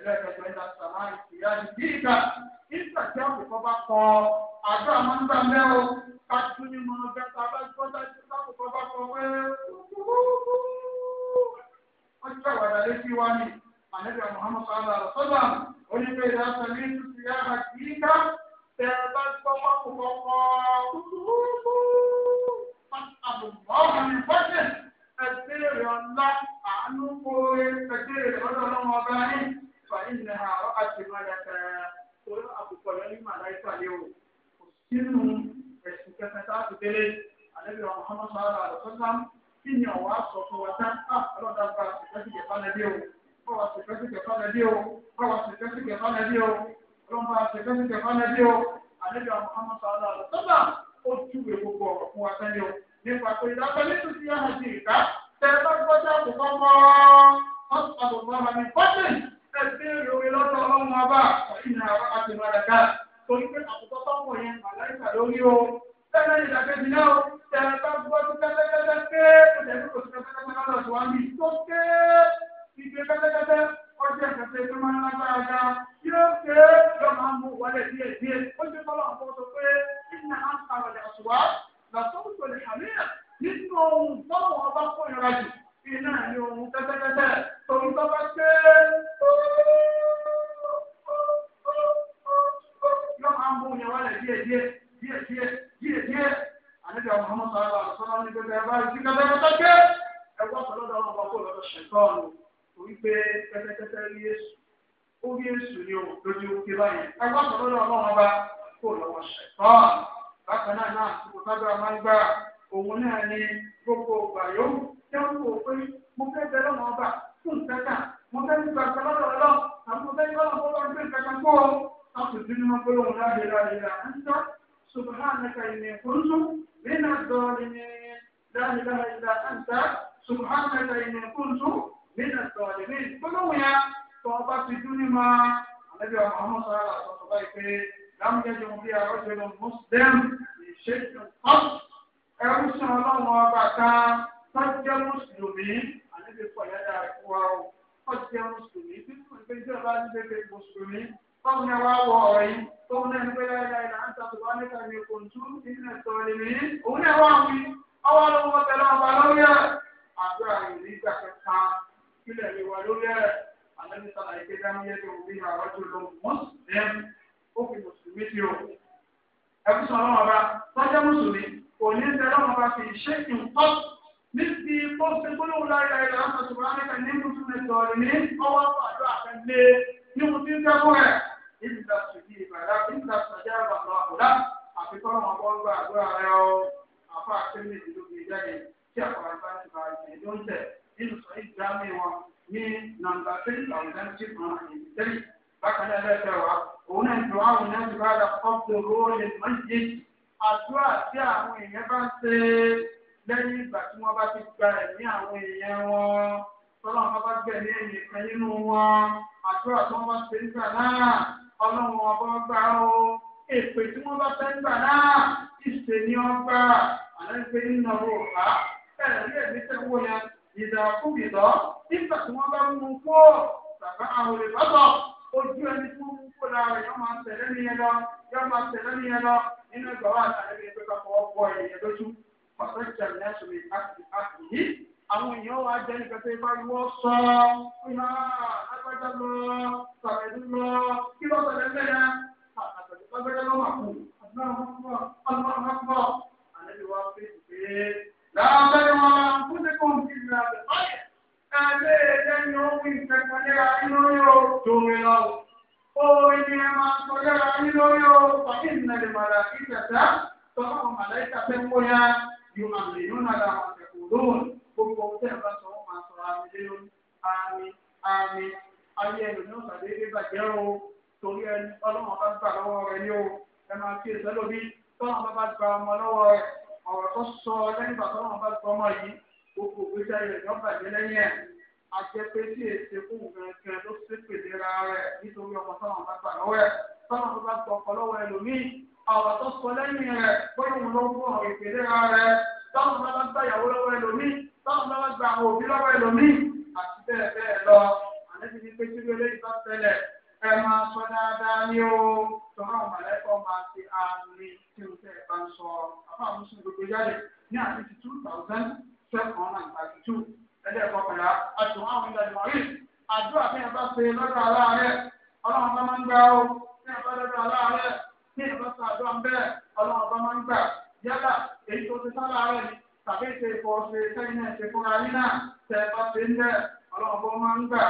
S1: ẹlẹ́ẹ̀kẹjọ ìlà sàmá ìṣìyá ìdíìgbà nígbà tí àkùkọ bá kọ àdó àmọ́ńgbà mẹ́rọ kájú nínú ọjọ́ tá a bá gbọ́ dájú àkùkọ bá kọ pé wọ́n ti ṣàwàdà létí wa ni àlejò Muhammad sallá àlọ́sọ́lá onígbé ìlà sàmí ìṣìyá ìdíìgbà tẹ̀ bá gbọ́ pákùkọ kọ́ àbùkọ́ ní bọ́sẹ̀ ẹgbẹ́ rẹ̀ ọ̀la àánú kóore ẹgbẹ́ rẹ̀ ọ̀dọ́ ọlọ́run ọba yìí. فإنها رأت ملكا تقول أبو فلان ملائكة اليوم sínú ẹ̀sùn kẹfẹ́tà ti délé àlẹ́bíwá Muhammad sallallahu alayhi wa sallam kí ni ọ̀wá sọ fún wa tán á ọlọ́dà gba ṣèkẹ́sì kẹfà lẹ́bí o bọ́wà ṣèkẹ́sì kẹfà lẹ́bí o bọ́wà ṣèkẹ́sì kẹfà lẹ́bí o ọlọ́mọba ṣèkẹ́sì kẹfà lẹ́bí o àlẹ́bíwá Muhammad sallallahu alayhi wa sallam ó túwé gbogbo ọ̀rọ̀ fún wa tán ni o nípa pé ìdájọ́ nínú ti yára ti ìta tẹ̀lé bá gbọ́dọ̀ àkókò mọ́ ọ́ tẹ̀sí ìròyìn lọ́dọ̀ ọlọ́run ọba ọ̀sìn àti màdàgà torí pé àkùkọ tó yẹn màláìkà lórí o tẹ́lẹ̀ ìdàkejì náà tẹ̀lé bá gbọ́ tó kẹ́tẹ́kẹ́tẹ́ ké tẹ̀lé kò sí kẹ́tẹ́kẹ́tẹ́ lọ́dọ̀ tó wá ní tó ké ìgbé kẹ́tẹ́kẹ́tẹ́ ọjọ́ ìkẹtẹ́ tó máa ń lágbára ga yóò ké yóò máa mú wọlé díẹ̀ díẹ̀ ó ti kọ́ lọ́wọ́ kó tó pé ìnà àǹkàrọ̀ lẹ̀ àṣùwà làtọ́kùtò lè hàmíyà iná ni ohun tẹ́tẹ́tẹ́tẹ́ torí tó bá gbé yọ máa ń bú yẹn wálẹ̀ díẹ̀ díẹ̀ díẹ̀ díẹ̀ díẹ̀ díẹ̀ àníbi àwọn ọmọ sọ̀rọ̀ àwọn sọ̀rọ̀ ní gbẹgbẹ ẹ̀rọ ìdí gbẹgbẹ ẹ̀rọ tó gbé ẹ̀wọ́ sọ̀rọ̀ lọ́dọ̀ ọmọ ọkọ̀ lọ́dọ̀ ṣẹ̀tọ́ọ̀nù torí pé tẹ́tẹ́tẹ́tẹ́ rí èṣù ó rí èṣù ni òun lójú òkè báyìí ẹ̀wọ́ sọ̀rọ̀ lọ́dọ̀ ọmọ ọba kò lọ́wọ́ ṣẹ̀tọ́ọ̀nù bákan náà náà kò tábìlà máa ń gbà òun náà ni gbogbo ògbà yòówù ṣé ń wò pé mo fẹ́ bẹ lọ́mọ ọba fún nǹkan kan mo fẹ́ nípa ìgbàlọ́dọ̀ ọlọ́ àbí mo fẹ́ gbọ́dọ̀ kó lọ gbé nǹkan kan kó o a kò dín ní wọn pé òun láàyè láàyè rà ń tọ́ subhanaka inni kuntu min adh-dhalimin la ilaha illa anta subhanaka inni kuntu min adh-dhalimin gbogbo ya tó ọba ti dún ní ma àlejò àwọn ọmọ sọ̀rọ̀ àtọ̀tọ̀ báyìí pé lámúdẹ́jọ́ bí i àrọ́jọ́ ọlọ́run ọba kan sájá mùsùlùmí àníbi pọ̀yádà ẹ̀kú wa o ọ̀jẹ̀ mùsùlùmí bí wọ́n gbé jẹ́ bá ní bẹ́ẹ̀ mùsùlùmí báwo ni wàá wọ ọ̀rọ̀ yìí tóun náà ń gbé láyé náà ń tàbí wá níta ní kòńtù nínú ẹ̀tọ́ ẹ̀mí òun náà wà wí ọwọ́ lọ́wọ́ tẹ̀lé ọba lórí ẹ̀ àdúrà ìrírí gbà kẹta kílẹ̀ lè wà lórí ẹ̀ àlẹ́bí sọ̀rọ̀ ìgbé dáhùn yẹn tó níbi tó ṣe gbólóhùn láyé ayé rẹ̀ láti ṣùgbọ́n láti ṣe ní mùsùlùmí sọ̀rọ̀ ní ọwọ́ pàdó àfẹ́lé ní mo ti ń dẹ́kun rẹ̀ níbi ìgbà ṣèjì ìbàdà níbi ìgbà ṣèjì àbàtà àbùdá àfi tọ́lọ́ wọn bọ́ gba àdúrà rẹ̀ ọ àfa àtẹ́lẹ̀ ìlú fi jáde tí àfọwọ́sá ti bá ṣe ló ń tẹ̀ nínú sọ ìdámé wọn ní nàmbà three thousand six hundred and three bákan náà lẹ́sẹ̀ wa òun náà àwọn èèyàn bá lẹ́yìn ìgbà tí wọ́n bá ti gba ẹ̀mí àwọn èèyàn wọn tọ́lá wọn bá gbẹ̀mí ẹ̀yìn kan nínú wọn àdúrà tí wọ́n bá ṣe nígbà náà ọlọ́run ọba ọgbà o èpè tí wọ́n bá fẹ́ nígbà náà ìṣe ní ọgbà àlẹ́gbẹ́ nínú ọ̀rọ̀ ọ̀gá bẹ́ẹ̀ ní ẹ̀mí tẹ́wọ́ yẹn ìdá fúgìdọ́ nígbà tí wọ́n bá mú kó bàbá àwọn olè ojú ẹni tí wọ́n kó lára rẹ̀ máa tẹ̀lé nìyẹn lọ yọ́n máa tẹ̀lé nìyẹn lọ nínú ìgbà wà pàṣẹjà lẹ́sù mi àti àti yìí àwọn èèyàn wa jẹ́ nìkan tó bá wọ́ sọ fúnra agbájá lọ sàrẹ̀dú lọ kí ló sọ̀rọ̀ ẹgbẹ́ yẹn agbájá lọ mà kú ọlọ́run pọ̀ àlejò wa fi pé láàbẹ̀rẹ̀ wọn fún ṣe kó ń kí ìlú àbẹ̀ báyẹ̀ ẹgbẹ́ ẹ̀jẹ̀ ni ó wí ìtẹ̀kọ̀ yẹra inú yóò tó mi lọ. Orin ni ẹ máa sọ yẹra inú yóò pàkí ìnàlè màlà ìjẹ̀dá tọ́lọ́mọ màlà ìtàfẹ́ mọ́ yá yóò máa lè yóò náà dáhùn àtẹ̀kù lóhùn gbogbo ohun tẹ́ ẹ̀ bá sọ wọ́n máa sọ àmì lé lórí àmì àmì ayé ẹlòmíràn tàbí ilé bàjẹ́ o torí ẹni ọlọ́run bá gbà lọ́wọ́ rẹ ní o ẹ máa kí èso lóbi tọ́lọ́run bá bá gba ọmọ lọ́wọ́ rẹ ọ̀rọ̀ tó sọ lẹ́yìn ìgbà tọ́lọ́run bá gba ọmọ yìí gbogbo ìgbésí ayé rẹ̀ yọ̀ọ́ bàjẹ́ lẹ́yìn ẹ̀ àjẹpé tí èsè fún gẹ̀ẹ́gẹ́ ló ṣépè lera rẹ̀ nítorí ọmọ tọ́lọ́run bá gbà lọ́wọ́ ẹ̀ tọ́lọ́run bá gba ọkọ lọ́wọ́ ẹlòmíì ọ̀rọ̀ tó sọ lẹ́yìn rẹ̀ bóyá òun ló ń fún ọ̀rọ̀ ìpínlẹ̀ rẹ̀ táwọn bá bá gba ìyàwó lọ́wọ́ ẹlòmíì táwọn bá bá gba àwọn òbí lọ́wọ́ ẹlòmíì àti bẹ́ẹ̀ bẹ́ẹ̀ lọ àlejò ní pé tíbi eléyìí bá tẹ̀lẹ̀ ẹ máa sọ dáadáa ní o tọ́lá mọ̀lẹ́kọ̀ máa ti àmì tí o tẹ̀ bá ń sọ àbá àmúṣe gbogbo jáde ní àti two thousand seven hundred and thirty two ẹlẹ́ẹ̀kọ́kànlá àti wọn àwọn
S2: ìdájọ́
S1: ní ìrọ̀lọ́sọ àdúrà ń bẹ́ẹ̀ ọlọ́run ọba máa ń gbà yálà èyí tó ti sára rẹ̀ ni tàbí ṣe ìfọ̀ ṣe sẹ́yìn náà ṣe fúnra yín náà tẹ̀ bá ṣe ń bẹ́ẹ̀ ọlọ́run ọba máa ń gbà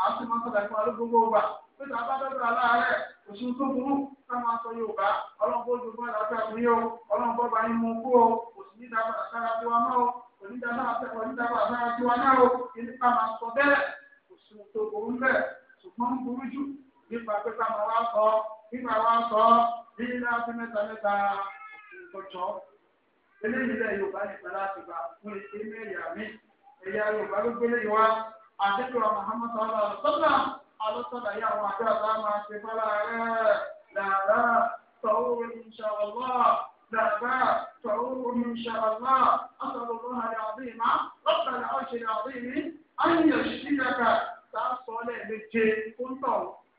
S1: á sì máa ń sọ̀rọ̀ ìfọ̀ alúgbogbo wa pé tàbá dọ́gba láàárẹ̀ òṣù tó burú ká máa sọ Yorùbá ọlọ́run bó ju bọ́ọ̀lù àti àkúnyé o ọlọ́run bọ́ bá yín mú kú o òṣù ní dábàá sára tiwa náà o onídàbàá nígbà wa sọ ní láti mẹ́ta mẹ́ta ìkọjọ́ eléyìí lẹ yorùbá nìkan láti gbà fún ètò ìmẹ̀yà mi ẹ̀yà yorùbá ló gbélé yìí wá àdéjọba Muhammad sọlá sọlá alọ́sọ̀dà yà wọn àjọ àbá máa ṣe fọ́lá rẹ̀ làbá tọ́wọ́ ìṣàlọ́ làbá tọ́wọ́ ìṣàlọ́ ọ̀sọ̀rọ̀ ló hàlẹ́ ọ̀dún ìmá lọ́sọ̀dà ọ̀ṣẹ̀lẹ̀ ọ̀dún ìmí ayé ìyẹ̀ṣì kàkà tá a sọ lẹ́ẹ̀mejì fún tọ̀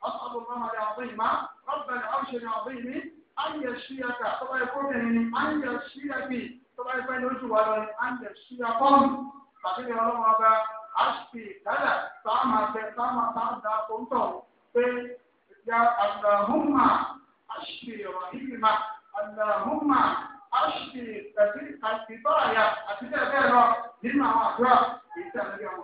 S1: ọ̀sọ̀rọ̀ ló hàlẹ́ ọ̀dún ìmá ọ̀bẹ̀rẹ̀ ọ̀ṣẹ̀rẹ̀ ọ̀bẹ̀ yìí ayé ṣíyàtà tọ́ba ẹ̀kọ́ mẹ́rin ni ayé ṣíyàbì tọ́ba ẹ̀kọ́ ẹni oṣù wa lọ ni ayé ṣíyàpọ́n tàbí ni ọlọ́run ọba àṣì dada sáàmà tẹ sáàmà sáàdà kóńtọ̀ pé ya àdàhùnmà àṣì ọ̀rọ̀ ìgbìmà àdàhùnmà àṣì tẹ̀sí àti báyà àti bẹ́ẹ̀ bẹ́ẹ̀ lọ nínú àwọn àdúrà èyí tí a lè rí àwọn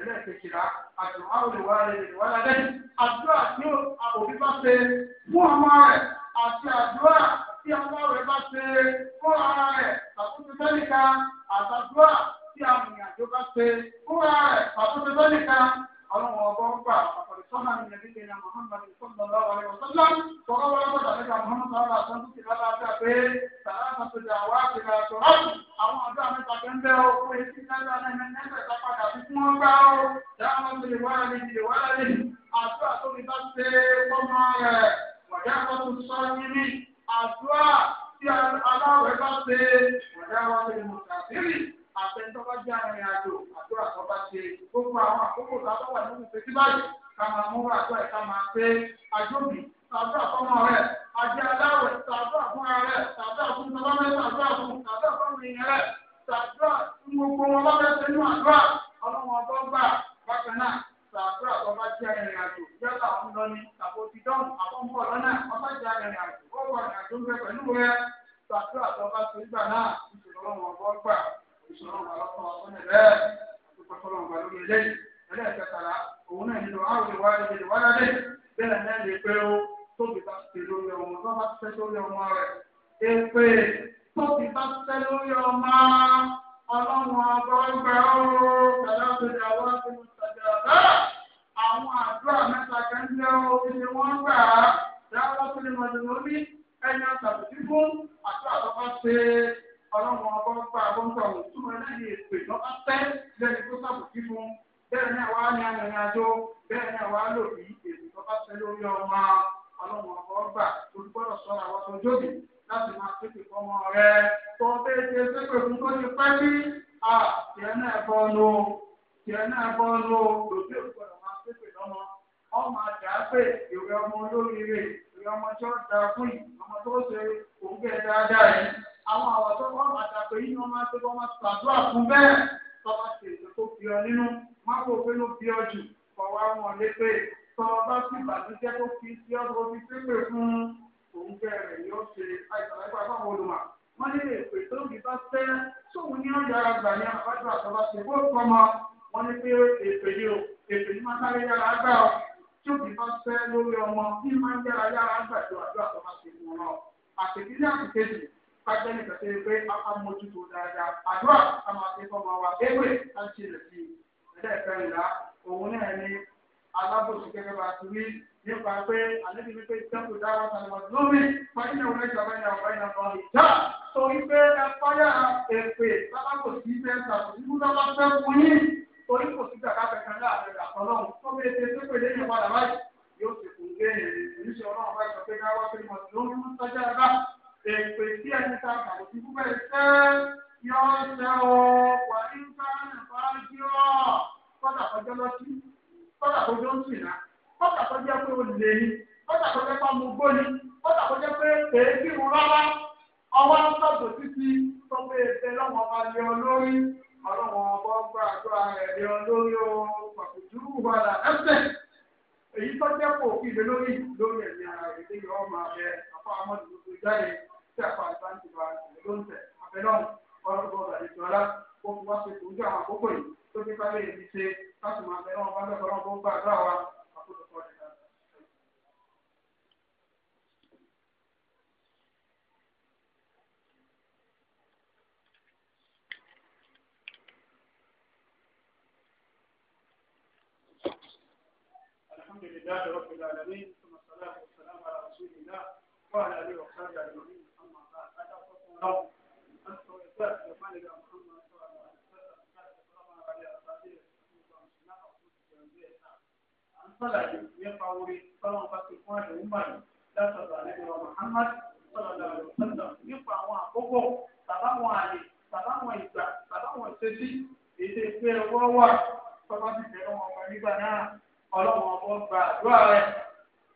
S1: ẹlẹ́ẹ̀kejìlá àdùn áwòlùwà ìwádàdé àdúrà tí òbí bá ṣe fún ọmọ rẹ̀ àti àdúrà tí ọmọ rẹ̀ bá ṣe fún ara rẹ̀ àtúntò tẹ́lẹ̀ka àtàdúrà tí àmì àjò bá ṣe fún ara rẹ̀ àtúntò tẹ́lẹ̀ka ọlọ́run ọgbọ́n gbà صح عن نبينا محمد صلى الله عليه وسلم وروى ربك عليك محمد صلى الله عليه وسلم في هذا الكتاب ثلاثة دعوات إلى تراب أو أدعى نتا كنبه ويسي كذا لمن نتا تقعد في سموكه دعوة لوالد لوالد أدعى تبتت قمار ودعوة الصائم أدعى tí aláwẹ̀ bá ṣe ọ̀dà wa lè mọ̀ tàbí àtẹnudọ́gba jẹ́ arìnrìn àjò àdúrà tó bá ṣe gbogbo àwọn àkókò tó bá wà nínú ìfẹ́ tí báyìí kàmá múra àjọ ẹ̀ kàmá pé àjọbì tàbí àfọmọ rẹ̀ àjẹ aláwẹ̀ tàbí àfúnra rẹ̀ tàbí àfún tọ́lámẹ́ tàbí àfún tàbí àfọmọ ìyẹn rẹ̀ tàbí àfún gbogbo wọn bá fẹ́ sẹ́nu àdúrà ọlọ́run ọgbọ́n gbà bákan náà tàbí àfọmọ jẹ́ ìrìn àjò yálà ń lọ tàbí òbí dọ́hùn àfọmọ lọ́nà ọmọ jẹ́ ìrìn àjò ó wọ ẹlẹ́ẹ̀kẹtàlá òun náà nínú àwọn ìwádìí nínú wádàdé bẹ́ẹ̀ náà lè pé ó tóbi bá ti lórí ọmọ tó bá tẹ́ lórí ọmọ rẹ̀ èpè tóbi bá tẹ́ lórí ọmọ ọlọ́run ọgọ́gbẹ ọ̀rọ̀ pẹ̀lú ìdí àwọn tí mo tẹ̀lé ọ̀dọ́ àwọn àdúrà mẹ́ta kẹ́ńdé omi ni wọ́n gbà á dáwọ́ tó lè mọ̀lẹ́ lórí ẹni àtàkù dígún àti àtọ́fà ṣe ọlọ́run ọgọ́gbẹ àbọ̀ǹtọ̀ òtún ẹlẹ́yìn èpè lọ́pàá tẹ́ lẹ́yìn tó sàbùkí fún bẹ́ẹ̀ náà wàá ní arìnrìn àjò bẹ́ẹ̀ náà wàá lò bí èdè tó bá ṣe lórí ọmọ ọlọ́run ọ̀gọ́ gbà tó gbọ́dọ̀ sọ̀rọ̀ àwọn tó jóde láti máa tètè fọmọ rẹ tó bẹ́ẹ̀ ṣe sẹ́pẹ̀ fún tó ti pẹ́ sí à tiẹ̀ náà bọ́ lò tiẹ̀ náà bọ́ lò lòdì ògbọ́dọ̀ máa tètè lọ́mọ ọmọ àjà pé ìwé ọmọ olóríire ìwé ọmọ tí ó da fún yìí ọmọ tó ṣe òun bẹ́ẹ̀ dáadáa yìí àwọn àwọ̀ tó wọ́n tọ́ba ti èso tó fi ọ nínú má kó pé ló fi ọ jù fọwọ́ wọn lépè tọ́ba sì bàtújẹ́ tó fi sí ọdún omi pépè fún òun bẹ̀rẹ̀ yóò ṣe àìsàn ẹgbẹ́ àbáwọn olùmọ̀ wọ́n ní èpè tó ń bá fẹ́ sóhun ní ọjà àgbà ní àbájọ àtọ́ba ti wó kọ́mọ wọ́n ní pé èpè yìí o èpè yìí máa sáré yára gbà ọ tí òbí kájẹ́ nìkan ṣe pé a mójútó dáadáa àdúrà ká máa ṣe fọmọ wa ewé ká ń ṣe lè fi ẹlẹ́ẹ̀kẹrìnlá òun náà ni alábòsí gẹ́gẹ́ bá ti rí nípa pé àlejò ní pé ìtẹ́kù dáwọ́ sàlùmọ̀ lórí pàṣẹ òun ẹ̀jọ̀ bá yà ọ̀gá ìyàwó ìjà torí pé ẹ fọ́yà èpè lábàbòsí fẹ́ sàbòsí fún lọ́wọ́ fẹ́ fún yín.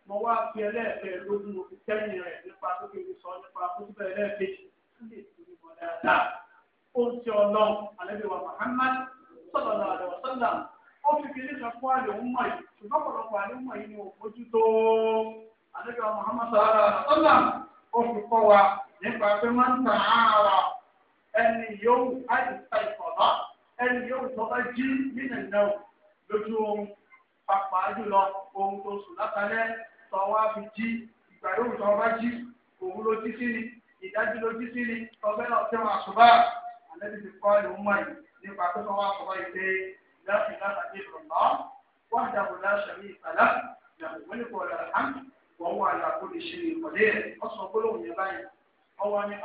S1: mo wá fi ẹlẹ́ẹ̀kẹ́ lógún mo fi kẹ́yìn rẹ̀ nípa tó kéde sọ nípa kótópẹ́ ẹlẹ́ẹ̀kejì tó lè torí mọ́ dáadáa ó ń ṣe ọlọ́run àlẹ́bíwá Muhammad sallallahu alaihi wasallam ó fi kíní kan fún àlè ń mọ̀ yìí ṣùgbọ́n pọ̀lọpọ̀ àlè ń mọ̀ yìí ni ò fojú tó àlẹ́bíwá Muhammad sallallahu alaihi wasallam ó fi kọ́ wa nípa pé máa ń tàn ára ẹni yóò àìsà ìfọ̀lá ẹni yóò tọ́lá jí nínú ìnáwó lójú ohun pàpà jùlọ ohun tó sùn látàlẹ́ tọ̀wọ́ àfi jí ìgbà yóò tọ́ bá jí òun ló jí sí ni ìdájú ló jí sí ni ọbẹ̀ náà tẹ́ wọn àṣùbà àlẹ́bí ti kọ́ ìlú mọ́ yìí nípa pé tọ́wọ́ àkọ́kọ́ yìí pé láti láti àti ìrọ̀lọ́ wọ́n dàbò láṣà ní ìpàlà ìyàwó ní kọ̀ọ̀lá àmì wọ́n wà láàkó lè ṣe ìkọ̀lé rẹ̀ wọ́n sọ gbólóhùn yẹn báyìí ọwọ́ ní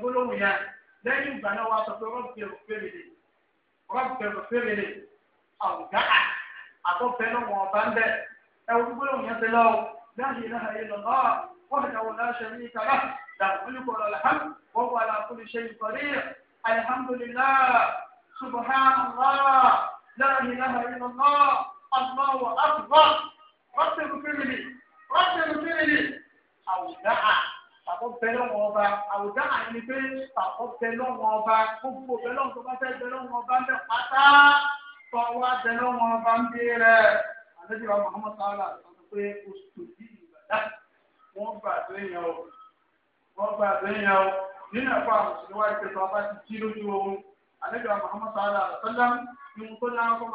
S1: gbólóhùn yẹn lẹ́yìn ìgbà náà wá sọ pé rọ́bìtẹ̀rù fèrèlè rọ́bìtẹ̀rù fèrèlè ọ̀gá àtọ́fẹ́ náà wọ̀n bá ń bẹ̀ ẹ wo gbogbo òun yẹn ti lọ lẹ́yìn náà yìí lọ náà wọ́n ti dáwọ́ láṣẹ ní ìkàlá dàbílì kọ̀ lọ́la hàn wọ́n wà láàkúlù ṣe ìkọ̀rí alihamdulilah subhanallah lẹ́yìn náà yìí lọ náà pàpọ̀ bẹ́lẹ̀ wọn ọba àwùjá àyìn ni pé pàpọ̀ bẹ́lẹ̀ wọn ọba gbogbo bẹ́lẹ̀ wọn tó bá fẹ́ bẹ́lẹ̀ wọn ọba ń bẹ̀ pátá tó wá bẹ́lẹ̀ wọn ọba ń bí rẹ̀ àlejò àwọn Muhammad sallá sọ pé oṣù tí ìbàdàn wọn gbà tó yẹn o wọn gbà tó yẹn o nínú ẹ̀kọ́ àwọn òṣèlú wa ìpè tó ọba ti jí lójú oorun àlejò àwọn Muhammad sallá sọlá ìwọ̀n tó náà kọ́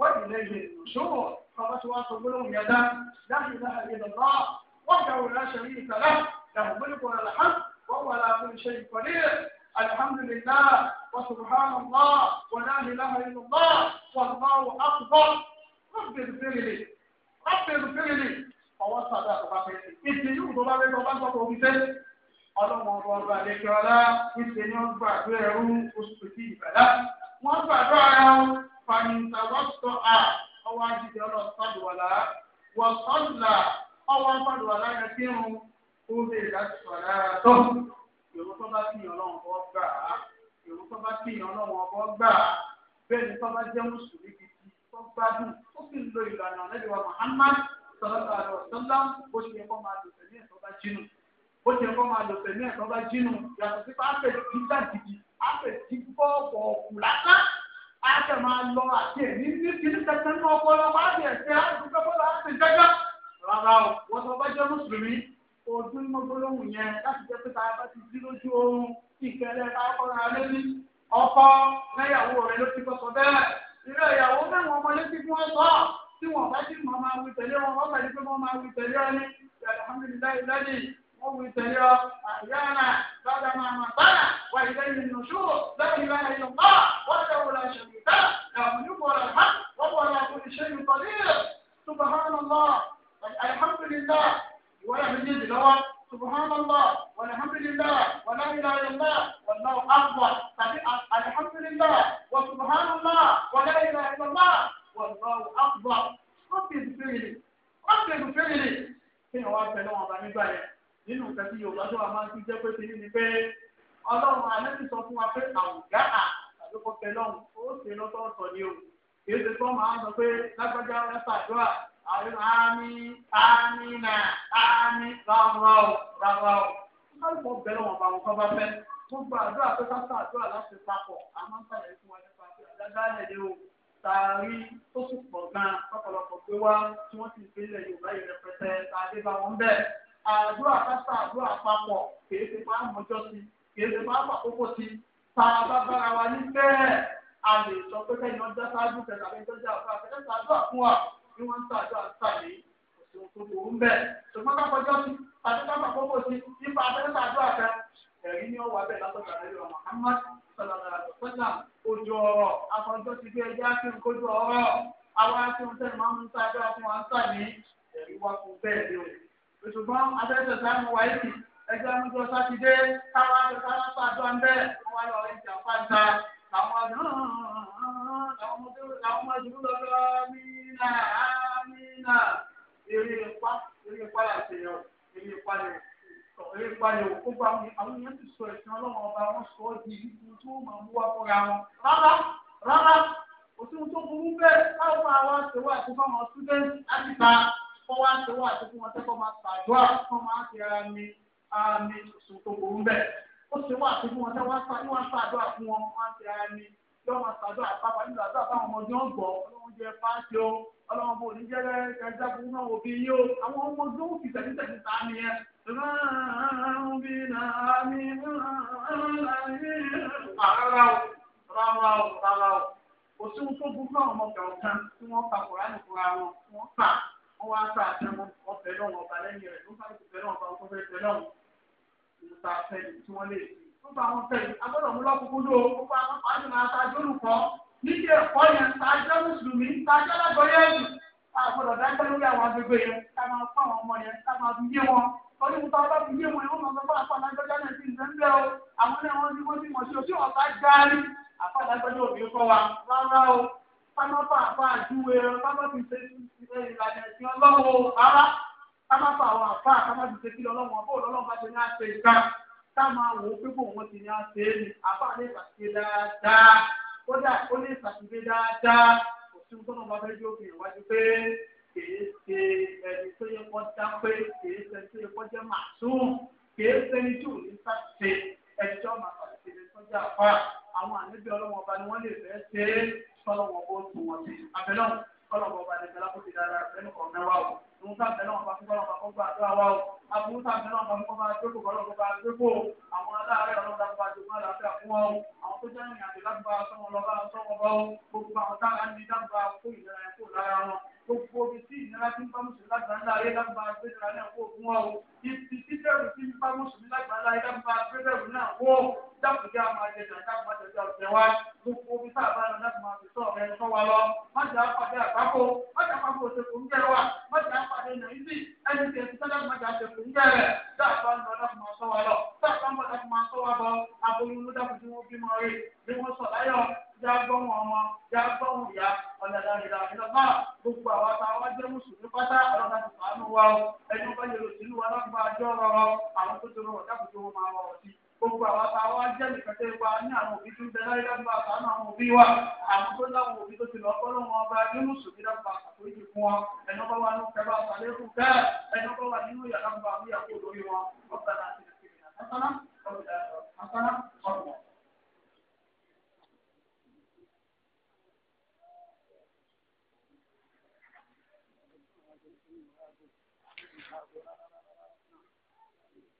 S1: wọ́n ti lẹ́yìn ìṣòro bàbá tí wọ́n sọ gbólóhùn yẹn dá láti láhà yẹn lọ́wọ́ wọ́n gbà wọ́n láṣẹ yìí tàlá làwọn gbólóhùn rẹ̀ làhán wọ́n wà láàfin ṣe ìkọ́lé alhamdulillah wa subhanallah wa la ilaha illallah wallahu akbar rabbil firili rabbil firili ọwọ́ sàdá tó bá fẹ́ ìsìn yóò tó bá fẹ́ tó bá gbọ́ tó fi fẹ́ ọlọ́mọ ọba ọba àdékẹ́ọ́lá ìsìn ni wọ́n gbàdúrà ẹrú oṣù tó ti ìbàdà wọ́n gbàdúrà ẹrú fàyìntàwọ́sọ a ọwọ́ ajídé ọlọ́ sọ́dùwàlá wọ́n sọ́dùlà ọwọ́ sọ́dùwàlá yẹn kí irun ó lè láti sọ̀rọ̀ ara tó. èrò tó bá kíyàn ọlọ́run bọ́ gbà á èrò tó bá kíyàn ọlọ́run bọ́ gbà á bẹ́ẹ̀ ni tó bá jẹ́ mùsùlùmí gidi tó gbádùn ó sì ń lo ìlànà ọ̀nẹ́dẹ̀ wa Muhammad sọlọ́tà àlọ́ sọ́lá bó ṣe yẹ kó máa lò tẹ̀lé ẹ̀tọ́ bá jínú bó ṣe yẹ kó máa lò tẹ̀lé ẹ̀tọ́ bá jínú yàtọ̀ sí pé á fẹ̀ dígbà gidi á fẹ̀ dígbọ́ ọ̀pọ̀ ọ̀kù lásán á kẹ̀ máa lọ àti èmi ní kíní kẹsẹ̀ ní ọpọlọ bá ti ẹ̀sẹ̀ á ti gbẹ́ bọ́lá á ti jẹ́jẹ́ rárá o wọ́n tó bá jẹ́ mùsùlùmí ojú mọ́ gbólóhùn yẹn láti jẹ́ pé táyà bá ti dí lójú oorun ìkẹlẹ̀ táyà kọ́ ra lẹ́ni ọkọ lẹ́yàwó rẹ ló ti kọ́kọ́ bẹ́ẹ̀ ilé ìyàwó mẹ́wọ̀n ọmọ létí fún ọ̀sọ́ tí wọ́n bá ti mọ̀ gbàdúrà àwọn àmì àmì náà àmì rárá o rárá o. kálukọ bẹ̀rẹ̀ wọn bá wọn kọ bá fẹ wọn gbàdúrà pé káfíńtà àdúrà láti papọ̀ àmọ́ ń sàlẹ̀ fún wa nípa àdúrà dáadáa lẹ́yìn o tààrí tó sì pọ̀ gan ọ̀pọ̀lọpọ̀ pé wá tí wọ́n ti gbé ilẹ̀ yorùbá yìí rẹpẹtẹ tàbí bá wọn bẹ́ẹ̀. àdúrà kásá àdúrà papọ̀ kìí ṣe máa ń sí kìí ṣe máa ń sí tá a bára wa ní a lè sọ pé kẹ́yìn ọjọ́ sáájú kẹta àbẹ́jọ́jà ọ̀gá àbẹ́jọ́jà àdúrà fún wa. ọ̀rọ̀ àwọn akíntẹ́ máa ń sáájú àwọn àwọn sàmì ẹ̀rí wa kò bẹ́ẹ̀ ni o. ṣùgbọ́n afẹ́fẹ́ sáàmù wáyé ẹgbẹ́ amújọ sátidé káwọn akẹ́kọ̀ọ́ sáájú àńbẹ́ wọn wá lọ ìjà fáńtà làwọn làwọn ọmọ ìdúró lọ́dọ̀ mínà eré ipá eré ipá láti yọ eré ipá ni eré ipá ni òkú bá àwọn èèyàn ti sọ ẹ̀sìn ọlọ́wọ́n ọba wọn sọ ọ́ di ibi tó máa mú wá fúnra wọn rárá rárá òtún tó burú bẹ́ẹ̀ káwọn máa wá ṣe wá àti fáwọn students láti ta kọ́ wá ṣe wá àti fún wọn tẹ́kọ̀ máa ṣàdúrà kọ́ máa ṣe ara mi ara mi òtún tó burú bẹ́ẹ̀ ó ṣe wá àti fún wọn tẹ́kọ̀ wá ṣàdúrà fún wọn wá ṣe ara mi yọ máa ṣàdúrà pápá nígbà tó àtàwọn ọmọdé wọn gbọ́ ọlọ́run jẹ fáṣẹ o ọlọ́run bò ní jẹ́rẹ́ ẹja fún náà òbí yìí o àwọn ọmọdé wọn fi tẹ̀sí tẹ̀sí ta ni ẹ rárá o rárá o rárá o kò sí ohun tó àwọn ọmọ kọ̀ọ̀kan tí wọ́n pa kùránì fúnra wọn wọ́n fà wọ́n wá fà àtẹ wọn lọ́wọ́ ọba lẹ́yìn rẹ̀ ló fà lóko ọba tó fẹ́ fẹ́ lọ́wọ́ nípa fẹ́ni tí wọ́n lè tó bá wọn fẹ́ni agbọ́dọ̀ mú lọ́kùnkún ló gbogbo àwọn àwọn agbègbè yẹn ká fi yé wọn ọdún tó bá fi yé náà sí ìfẹ́ o àwọn ẹ̀ wọ́n ti ti mọ̀ sí o tí wọ́n àfàdàgbẹ́jọ́ òbí kọ́ wa rárá o pámápá àfa àjúwe pámá fi ṣe ìlànà ẹ̀sìn ọlọ́wọ́ rárá pámápá àwọn àfa àkámá fi ṣe kílọ̀ ọlọ́wọ́ bóòlù ọlọ́wọ́ bá ti ní àṣẹ ìka táwọn àwọn òpépò wọn ti ní àṣẹ ẹni àfa lè ṣàṣe dáadáa kódà ó lè ṣàṣe dáadáa kò sí nítorí wọn bá fẹ́ jó pé kèé ṣe ẹni tó yẹ kó pé kèé ṣe ẹni tó yẹ kó jẹ́ kèé ṣe ẹni tó àwọn àníbí ọlọ́wọ́n ọba ni wọ́n lè fẹ́ ṣe é kọ́lọ́wọ́n bó tù wọ́n sí abẹ́lẹ́ kọ́lọ́wọ́n ọba nìkan lákòókè dáadáa fẹ́nu kọ̀ mẹ́wàá o òun sábẹ́ náà bá fún kọ́lọ́wọ́n bá kọ́ gbà àdúrà wa o àbúrú sábẹ́ náà bá fún kọ́lọ́wọ́n bá jókòó kọ́lọ́wọ́n bá jókòó àwọn aláàárẹ̀ ọlọ́dà bá jókòó àlàáfíà fún wa o àwọn tó jẹ́ ìrìn àjò lágbà sọ́wọ́n lọ́ba sọ́wọ́n bá o gbogbo àwọn táwọn á ní ibi títẹ̀rù tí ń bá mùsùlùmí lágbàlá ẹ̀dá ń bá bẹ́bẹ̀rù náà wọ́ dákùjá máa jẹ jàdá máa jẹ jẹ ọ̀sẹ̀ wa gbogbo omi tá a bá lọ láti máa fi sọ ọ̀rẹ́ ń sọ wa lọ má jà á pàdé àgbákò má jà á pàdé òṣèkò ń jẹ wa má jà á pàdé nàìjíríì ẹni tẹ̀ ti sẹ́dá má jà àṣekò ń jẹ rẹ̀ dáàbà ń lọ láti máa sọ wa lọ dáàbà ń bọ̀ láti máa sọ wa bọ̀ aboyún ló dákùjú wọn bímọ rè ni wọ́n sọ láyọ̀ yà gbọ́n ọmọ yà gbọ́n ìyá ọ̀dàdà ìlà ìlọ́gbà gbogbo àwọn àtàwọn jẹ́ mùsùlùmí pátá ọ̀dàdà ìfàánú wa ẹni wọ́n yẹ lòsìlú wa lọ́ bá a jọ rọrọ àwọn tó tó rọrọ dákòtò wọn máa rọrọ sí gbogbo àwọn tá a wá jẹ́ nìkan tẹ́ pa ní àwọn òbí tó ń bẹ láyé dábàá àtàwọn àwọn òbí wa àwọn tó láwọn òbí tó ti lọ fọ́lọ́ wọn ọba nínú sòbí dábàá àtàkùnrin fún wọn ẹ̀nà bá wà nínú kẹfà àtàlẹ́kùn bẹ́ẹ̀ ẹ̀nà bá wà nínú yàrá bá àmúyàkó lórí wọn ọ̀gbà láti